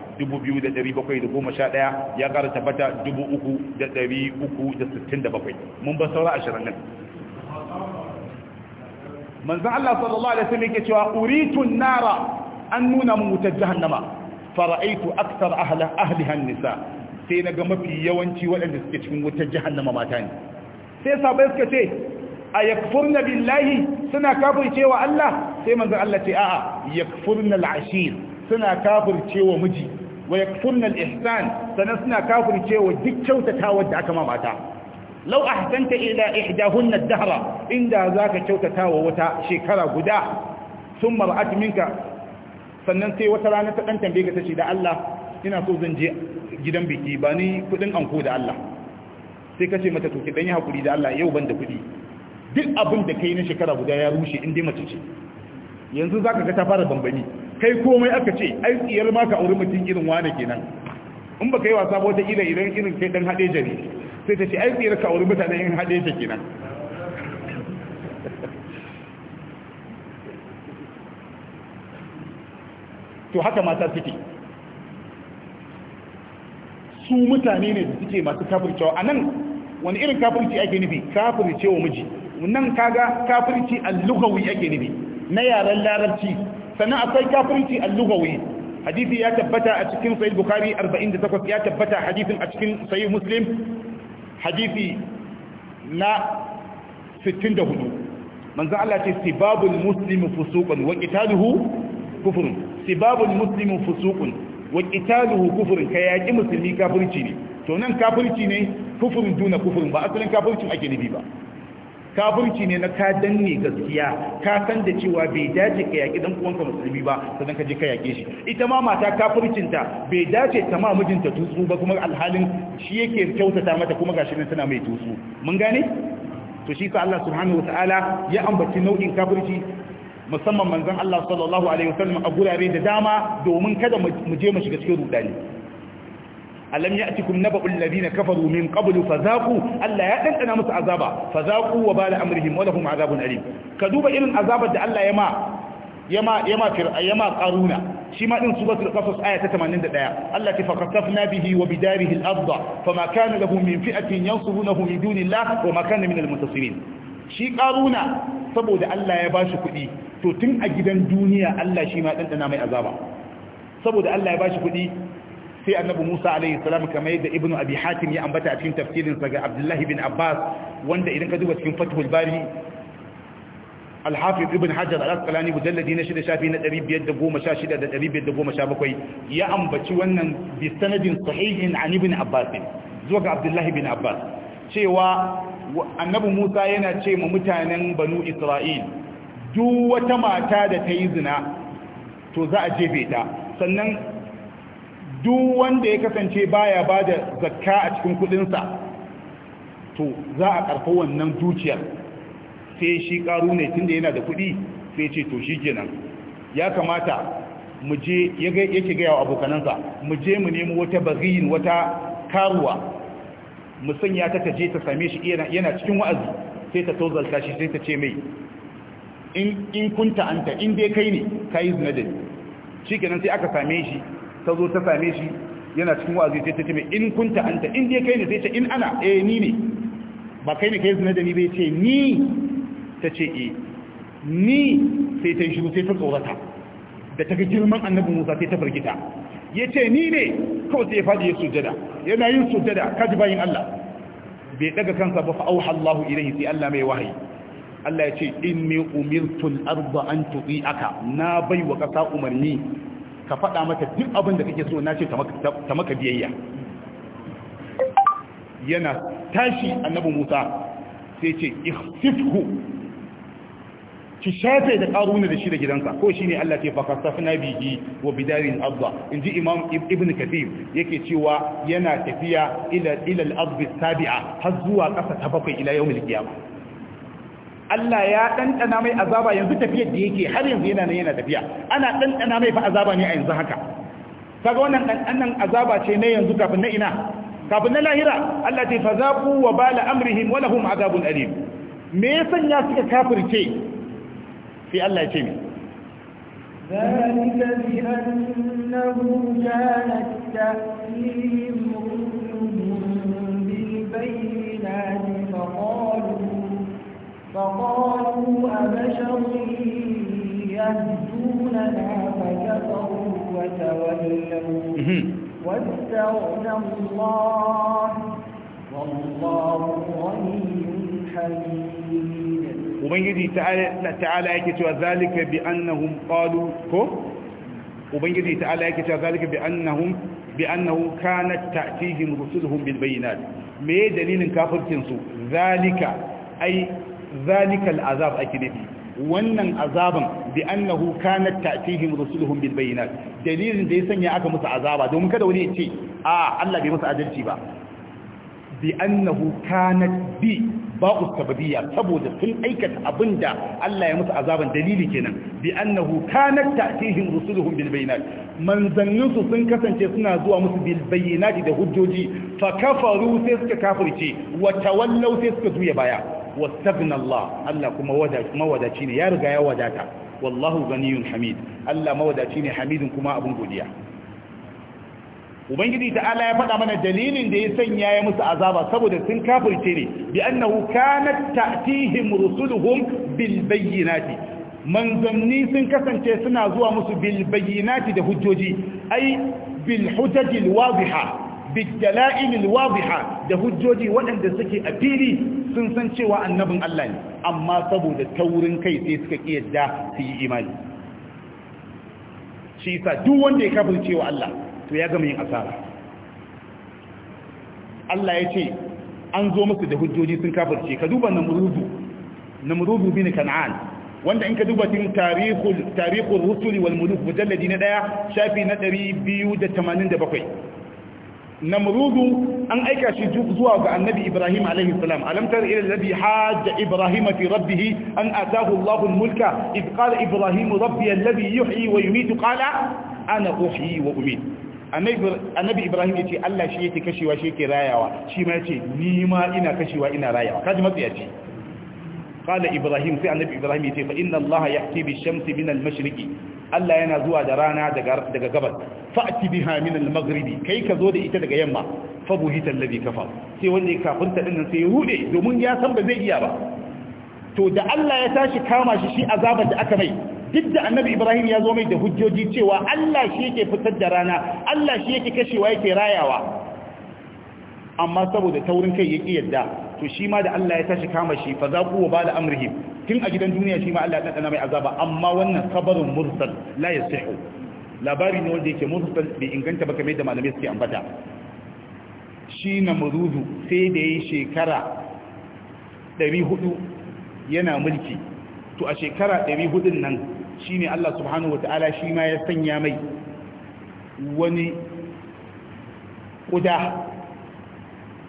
2711 ya ƙara tabbata 3367 mun ba saura ashirin nan manzan Allah sallallahu alaihi wasallam yake cewa uritun nara an nuna mun wutar jahannama fara'aitu aksar ahla nisa sai naga mafi yawanci waɗanda suke cikin wutar jahannama mata ne sai sabai suka ce a yakfurna billahi suna kafircewa Allah sai manzan Allah ce a'a yakfurna al'ashir suna cewa miji wa yakfurna ihsan sanan suna cewa duk kyautatawa da aka ma mata law ahsanta ila ihdahunna ad-dahra inda zaka kyautatawa wata shekara guda thumma ra'at minka sannan sai wata rana ta dan tambaye ka tace da Allah ina so zan je gidan biki ba ni kudin anko da Allah sai kace mata to ki dan hakuri da Allah yau ban da kudi duk abin da kai na shekara guda ya rushe in dai mace ce yanzu zaka ga ta fara bambami kai komai aka ce ai tsiyar ma ka auri mutum irin wane kenan in baka yi wasa ba wata ila idan irin kai dan hade jari sai ta ce ai tsiyar ka auri mutane in hade ta kenan to haka mata suke su mutane ne da suke masu kafircewa a nan wani irin kafirci ake nufi wa miji nan kaga kafirci al-lughawi ake nufi na yaren larabci sannan akwai kafirci al hadisi ya tabbata a cikin sahih bukhari 48 ya tabbata hadisin a cikin sahih muslim hadisi na 64 manzo Allah ce sibabul muslimu fusuqun wa qitaluhu kufrun sibabul muslimu fusuqun wa qitaluhu kufrun kai yaki musulmi kafirci ne to nan kafirci ne kufrun duna kufrun ba asalin kafircin ake nufi ba kafirci ne na ka danne gaskiya ka san da cewa bai dace ka yaƙi dan uwanka musulmi ba sannan ka je ka yaƙe shi ita ma mata kafircinta bai dace ta ma mijinta tutsu ba kuma alhalin shi yake kyautata mata kuma gashi nan tana mai tutsu mun gane to shi ka Allah subhanahu wataala ya ambaci nau'in kafirci musamman manzon Allah sallallahu alaihi wasallam a gurare da dama domin kada mu je mu shiga cikin rudani alam ya'tikum naba'ul ladina kafaru min qablu fazaqu Allah ya dandana musu azaba fazaqu wa bala amrihim wa lahum azabun alim ka duba irin azabar da Allah ya ma yama yama fir'a yama qaruna shi ma din suratul qasas aya ta 81 Allah ta faqatafna bihi wa bidarihi al-ardh fama kana lahu min fi'atin yansurunahu min dunillah wa ma kana min al-muntasirin shi qaruna saboda Allah ya bashi kuɗi to tun a gidan duniya Allah shi ma dandana mai azaba saboda Allah ya bashi kuɗi sai annabi Musa alaihi salam kamar yadda Ibn Abi Hatim ya ambata a cikin tafsirin sa ga Abdullah ibn Abbas wanda idan ka duba cikin Fathul Bari Al-Hafiz Ibn Hajar Al-Asqalani mujalladi na 6 shafi na 516 da 517 ya ambaci wannan bi sanadin sahihin an Ibn Abbas zuwa ga Abdullah ibn Abbas cewa annabi Musa yana ce ma mutanen Banu Isra'il duk wata mata da ta yi zina to za a jefe ta sannan duk wanda ya kasance baya ba da zakka a cikin kudinsa to za a karfa wannan dukiyar sai shi karu ne tunda yana da kudi sai ce to shi kenan ya kamata mu je yake gaya wa abokanansa mu je mu nemi wata bagin wata karuwa mu sanya ta taje ta same shi yana cikin wa'azi sai ta tozalta shi sai ta ce mai in kunta anta in dai kai ne kai yi da shi kenan sai aka same shi ta zo ta same shi yana cikin wa'azi sai ta ce mai in kunta ta in dai kai ne sai ce in ana e ni ne ba kai ne kai zina da ni bai ce ni ta ce e ni sai ta shiru sai ta tsorata da ta ga girman annabi Musa sai ta firgita yace ni ne kawai sai ya faɗi ya sujjada yana yin ka ji bayin Allah bai daga kansa ba fa auha Allah ilayhi sai Allah mai wahayi Allah ya ce inni umirtu al-ardha an aka na bai wa kasa umarni ka faɗa mata duk abin da kake so na ce ta maka biyayya yana tashi annabi musa sai ce ikhsifhu ki shafe da karuna da shi da gidansa ko shine Allah ke fa kasafna bihi wa bidarin adha inji imam ibn kathir yake cewa yana tafiya ila ila al-ardh as-sabi'a har zuwa kasa ta bakwai ila yawmil qiyamah Allah ya ɗanɗana mai azaba yanzu tafiyar da yake har yanzu yana nan yana tafiya ana ɗanɗana mai fa azaba ne a yanzu haka kaga wannan ɗanɗanan azaba ce na yanzu kafin na ina kafin na lahira Allah ce fa zaqu wa bala amrihim wa lahum azabun alim me yasan ya suka kafirce sai Allah ya ce mi ذلك بأنه كانت تأتيهم رسلهم بالبينات فقالوا أبشر يهدوننا فكفروا وتولوا واستغنى الله والله غني حميد وبنجي تعالى تعالى يكتب ذلك بأنهم قالوا كف وبنجي تعالى يكتب ذلك بأنهم بأنه كانت تأتيهم رسلهم بالبينات ما دليل كافر تنصو ذلك أي zalikal azab ake nufi wannan azaban bi annahu kanat ta'tihim rusuluhum bil bayyinat dalilin da ya sanya aka musu azaba domin kada wani ya ce a Allah bai musu adalci ba bi annahu kanat bi ba'u sababiyya saboda sun aikata abinda Allah ya musu azaban dalili kenan bi annahu kanat ta'tihim rusuluhum bil bayyinat manzannin su sun kasance suna zuwa musu bil bayyinat da hujjoji fa kafaru sai suka kafirce wa tawallaw sai suka juya baya wastabna Allah Allah kuma mawadaci ne ya riga ya wadata wallahu ganiyun hamid Allah mawadaci ne hamidin kuma abun godiya ubangiji ta'ala ya faɗa mana dalilin da ya sanya ya musu azaba saboda sun kafirce ne bi annahu kanat ta'tihim rusuluhum bil bayyinati manzanni sun kasance suna zuwa musu bil bayyinati da hujjoji ai bil hujajil wadiha بالدلائل الواضحة ده هجوجي وأن ده سكي أبيلي سنسن شوى النبن الله أما سبو ده تورن كي تسكك يدى في إيمان شيسا دوان ده كبر شوى الله تياغم ين أسارة الله يتي أنزو مصر ده هجوجي سن كبر شي كدوبا نمرودو نمرودو بين كنعان wanda in ka duba cikin tarihul tarihul rusuli wal muluk mujalladi na daya shafi na 287 namrudu an aika shi zuwa ga annabi ibrahim alaihi salam alam tar ila alladhi hajja ibrahim fi rabbih an ataahu allah almulka id qala ibrahim rabbi alladhi yuhyi wa yumiitu qala ana uhyi wa umiitu annabi ibrahim ya allah shi yake kashewa shi yake rayawa shi ma ya ni ma ina kashewa ina rayawa kaji matsayaci قال إبراهيم في النبي إبراهيم يتي فإن الله يحكي بالشمس من المشرق Allah yana zuwa da rana daga gabas fa'ati biha min al-maghribi kai ka zo da ita daga yamma fa buhitan ladhi kafa sai wanda ya kafinta dinnan sai ya rude domin ya san ba zai iya ba to da Allah ya tashi kama shi shi azabar da aka mai duk da annabi Ibrahim ya zo mai da hujjoji cewa Allah shi yake fitar da rana Allah shi yake kashewa yake rayawa amma saboda taurin kai yake yadda to shi ma da Allah ya tashi kama shi fa zaqu wa bala amrihim tun a gidan duniya shi ma Allah ya tana mai azaba amma wannan sabarun mursal la yasihu labari ne wanda yake mursal bai inganta ba kamar da malamai suke ambata shi na muruzu sai da yi shekara 400 yana mulki to a shekara 400 nan shine Allah subhanahu wataala shi ma ya sanya mai wani kuda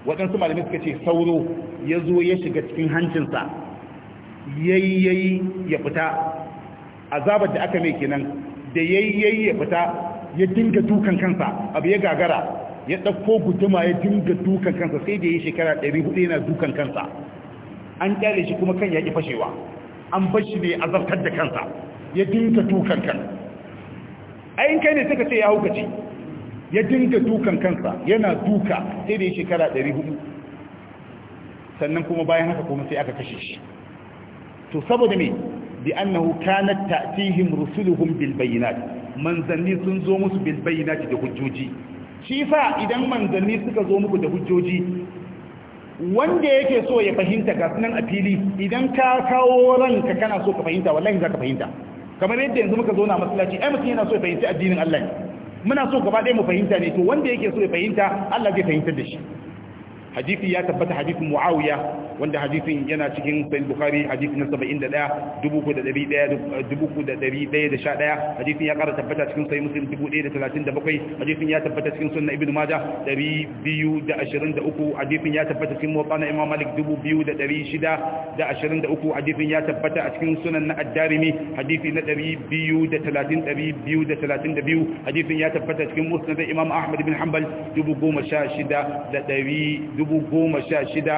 waɗansu malamai suka ce sauro ya zo ya shiga cikin hancinsa yayyayi ya fita azabar da aka mai kenan da yayyayi ya fita ya dinga dukan kansa abu ya gagara ya ɗauko guduma ya dinga dukan kansa sai da ya shekara 400 yana dukan kansa an kyale shi kuma kan ya fashewa an bar shi ne azabtar da kansa ya dinga dukan kan ayin kai ne suka ce ya haukaci ya dinga dukan kansa yana duka sai da ya shekara 400 sannan kuma bayan haka kuma sai aka kashe shi to saboda me bi annahu kanat ta'tihim rusuluhum bil bayyinat manzanni sun zo musu bil bayyinat da hujjoji shi fa idan manzanni suka zo muku da hujjoji wanda yake so ya fahimta ga sunan a fili idan ka kawo ranka kana so ka fahimta wallahi za ka fahimta kamar yadda yanzu muka zo na masallaci ai mutum yana so ya fahimci addinin Allah ne muna so gaba ɗaya mu fahimta ne to wanda yake so ya fahimta Allah zai fahimtar da shi hadisi ya tabbata hadisin muawiya wanda hadisin yana cikin sahih bukhari hadisi na 71 hadisin ya kara tabbata cikin sahih muslim 1037 hadisin ya tabbata cikin sunna ibnu maja 223 hadisin ya tabbata cikin muwatta na imam malik 2623 hadisin ya tabbata a cikin sunan na ad hadisi na 230 232 hadisin ya tabbata cikin musnad imam ahmad bin hanbal 10600 da 10600 da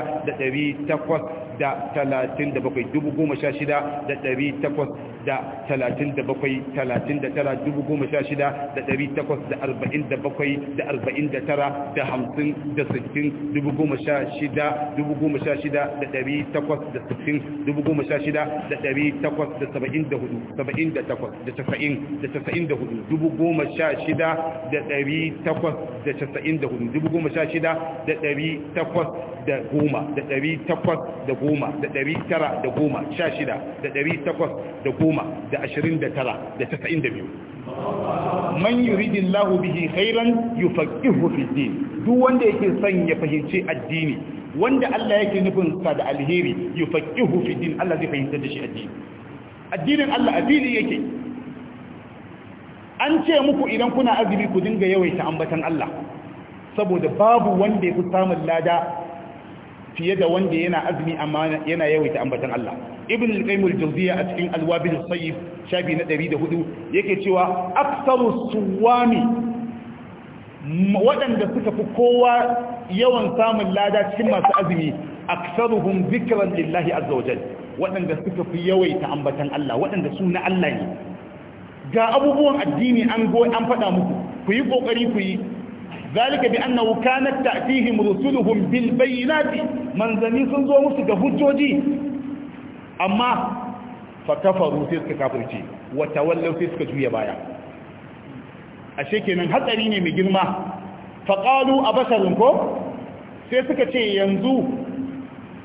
takwas da talatin da bakwai dubu goma sha shida da ɗari takwas da talatin da bakwai talatin da tara dubu goma sha shida da ɗari takwas da arba'in da bakwai da arba'in da tara da hamsin da sittin dubu goma sha shida dubu goma sha shida da ɗari takwas da sittin dubu goma sha shida da ɗari takwas da saba'in da hudu saba'in da takwas da casa'in da casa'in da hudu dubu goma sha shida da ɗari takwas da casa'in da hudu dubu goma sha shida da ɗari takwas da goma da ɗari takwas da goma goma da ɗari tara da goma sha shida da ɗari takwas da goma da ashirin da tara da tasa'in da biyu man yuridin bihi khairan yufaqihu fi din duk wanda yake son ya fahimci addini wanda Allah yake nufin sa da alheri yufaqihu fi din Allah zai fahimta da shi addini addinin Allah addini yake an ce muku idan kuna azumi ku dinga yawaita ambatan Allah saboda babu wanda ya fi samun lada fiye da wanda yana azumi amma yana yawaita ambatan Allah ibn al-qayyim al a cikin al-wabil sayyib shafi na 104 yake cewa aktsaru suwami waɗanda suka fi kowa yawan samun lada cikin masu azumi aktsaruhum zikran lillahi azza wajal waɗanda suka fi yawaita ambatan Allah waɗanda su na Allah ne ga abubuwan addini an go an faɗa muku ku yi kokari ku yi ذلك بأنه كانت تأتيهم رسلهم بالبينات من زني سنزو مسك فجوجي أما فكفروا تلك كافرتي وتولوا تلك جوية بايا الشيء من حتى ليني مجرمة فقالوا أبشرنكم سيسك شيء ينزو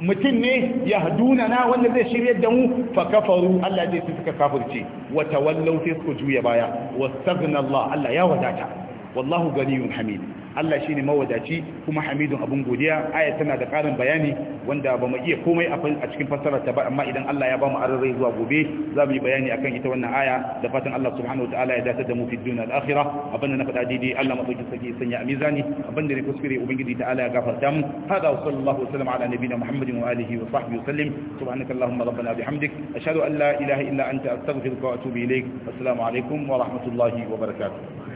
mutum ne ya haduna na wanda zai shirya da mu fa kafaru Allah zai suka kafirce wa tawallaw sai suka juya baya wa Allah Allah ya wadata wallahu ganiyun hamid Allah shine mawadaci kuma hamidun abun godiya aya tana da karin bayani wanda ba mu iya komai a cikin fassarar ta ba amma idan Allah ya ba mu arrai zuwa gobe za mu yi bayani akan ita wannan aya da fatan Allah subhanahu wataala ya dace da mu fi dunya da akhirah abinda na faɗa daidai Allah madaukin sarki sanya a mizani abinda ne kuskure ubangiji ta'ala ya gafarta mu hada wa sallallahu wasallam ala nabiyina muhammadin wa alihi wa sahbihi wa sallim subhanaka allahumma rabbana bihamdik ashhadu an la ilaha illa anta astaghfiruka wa atubu ilaik assalamu alaikum wa rahmatullahi wa barakatuh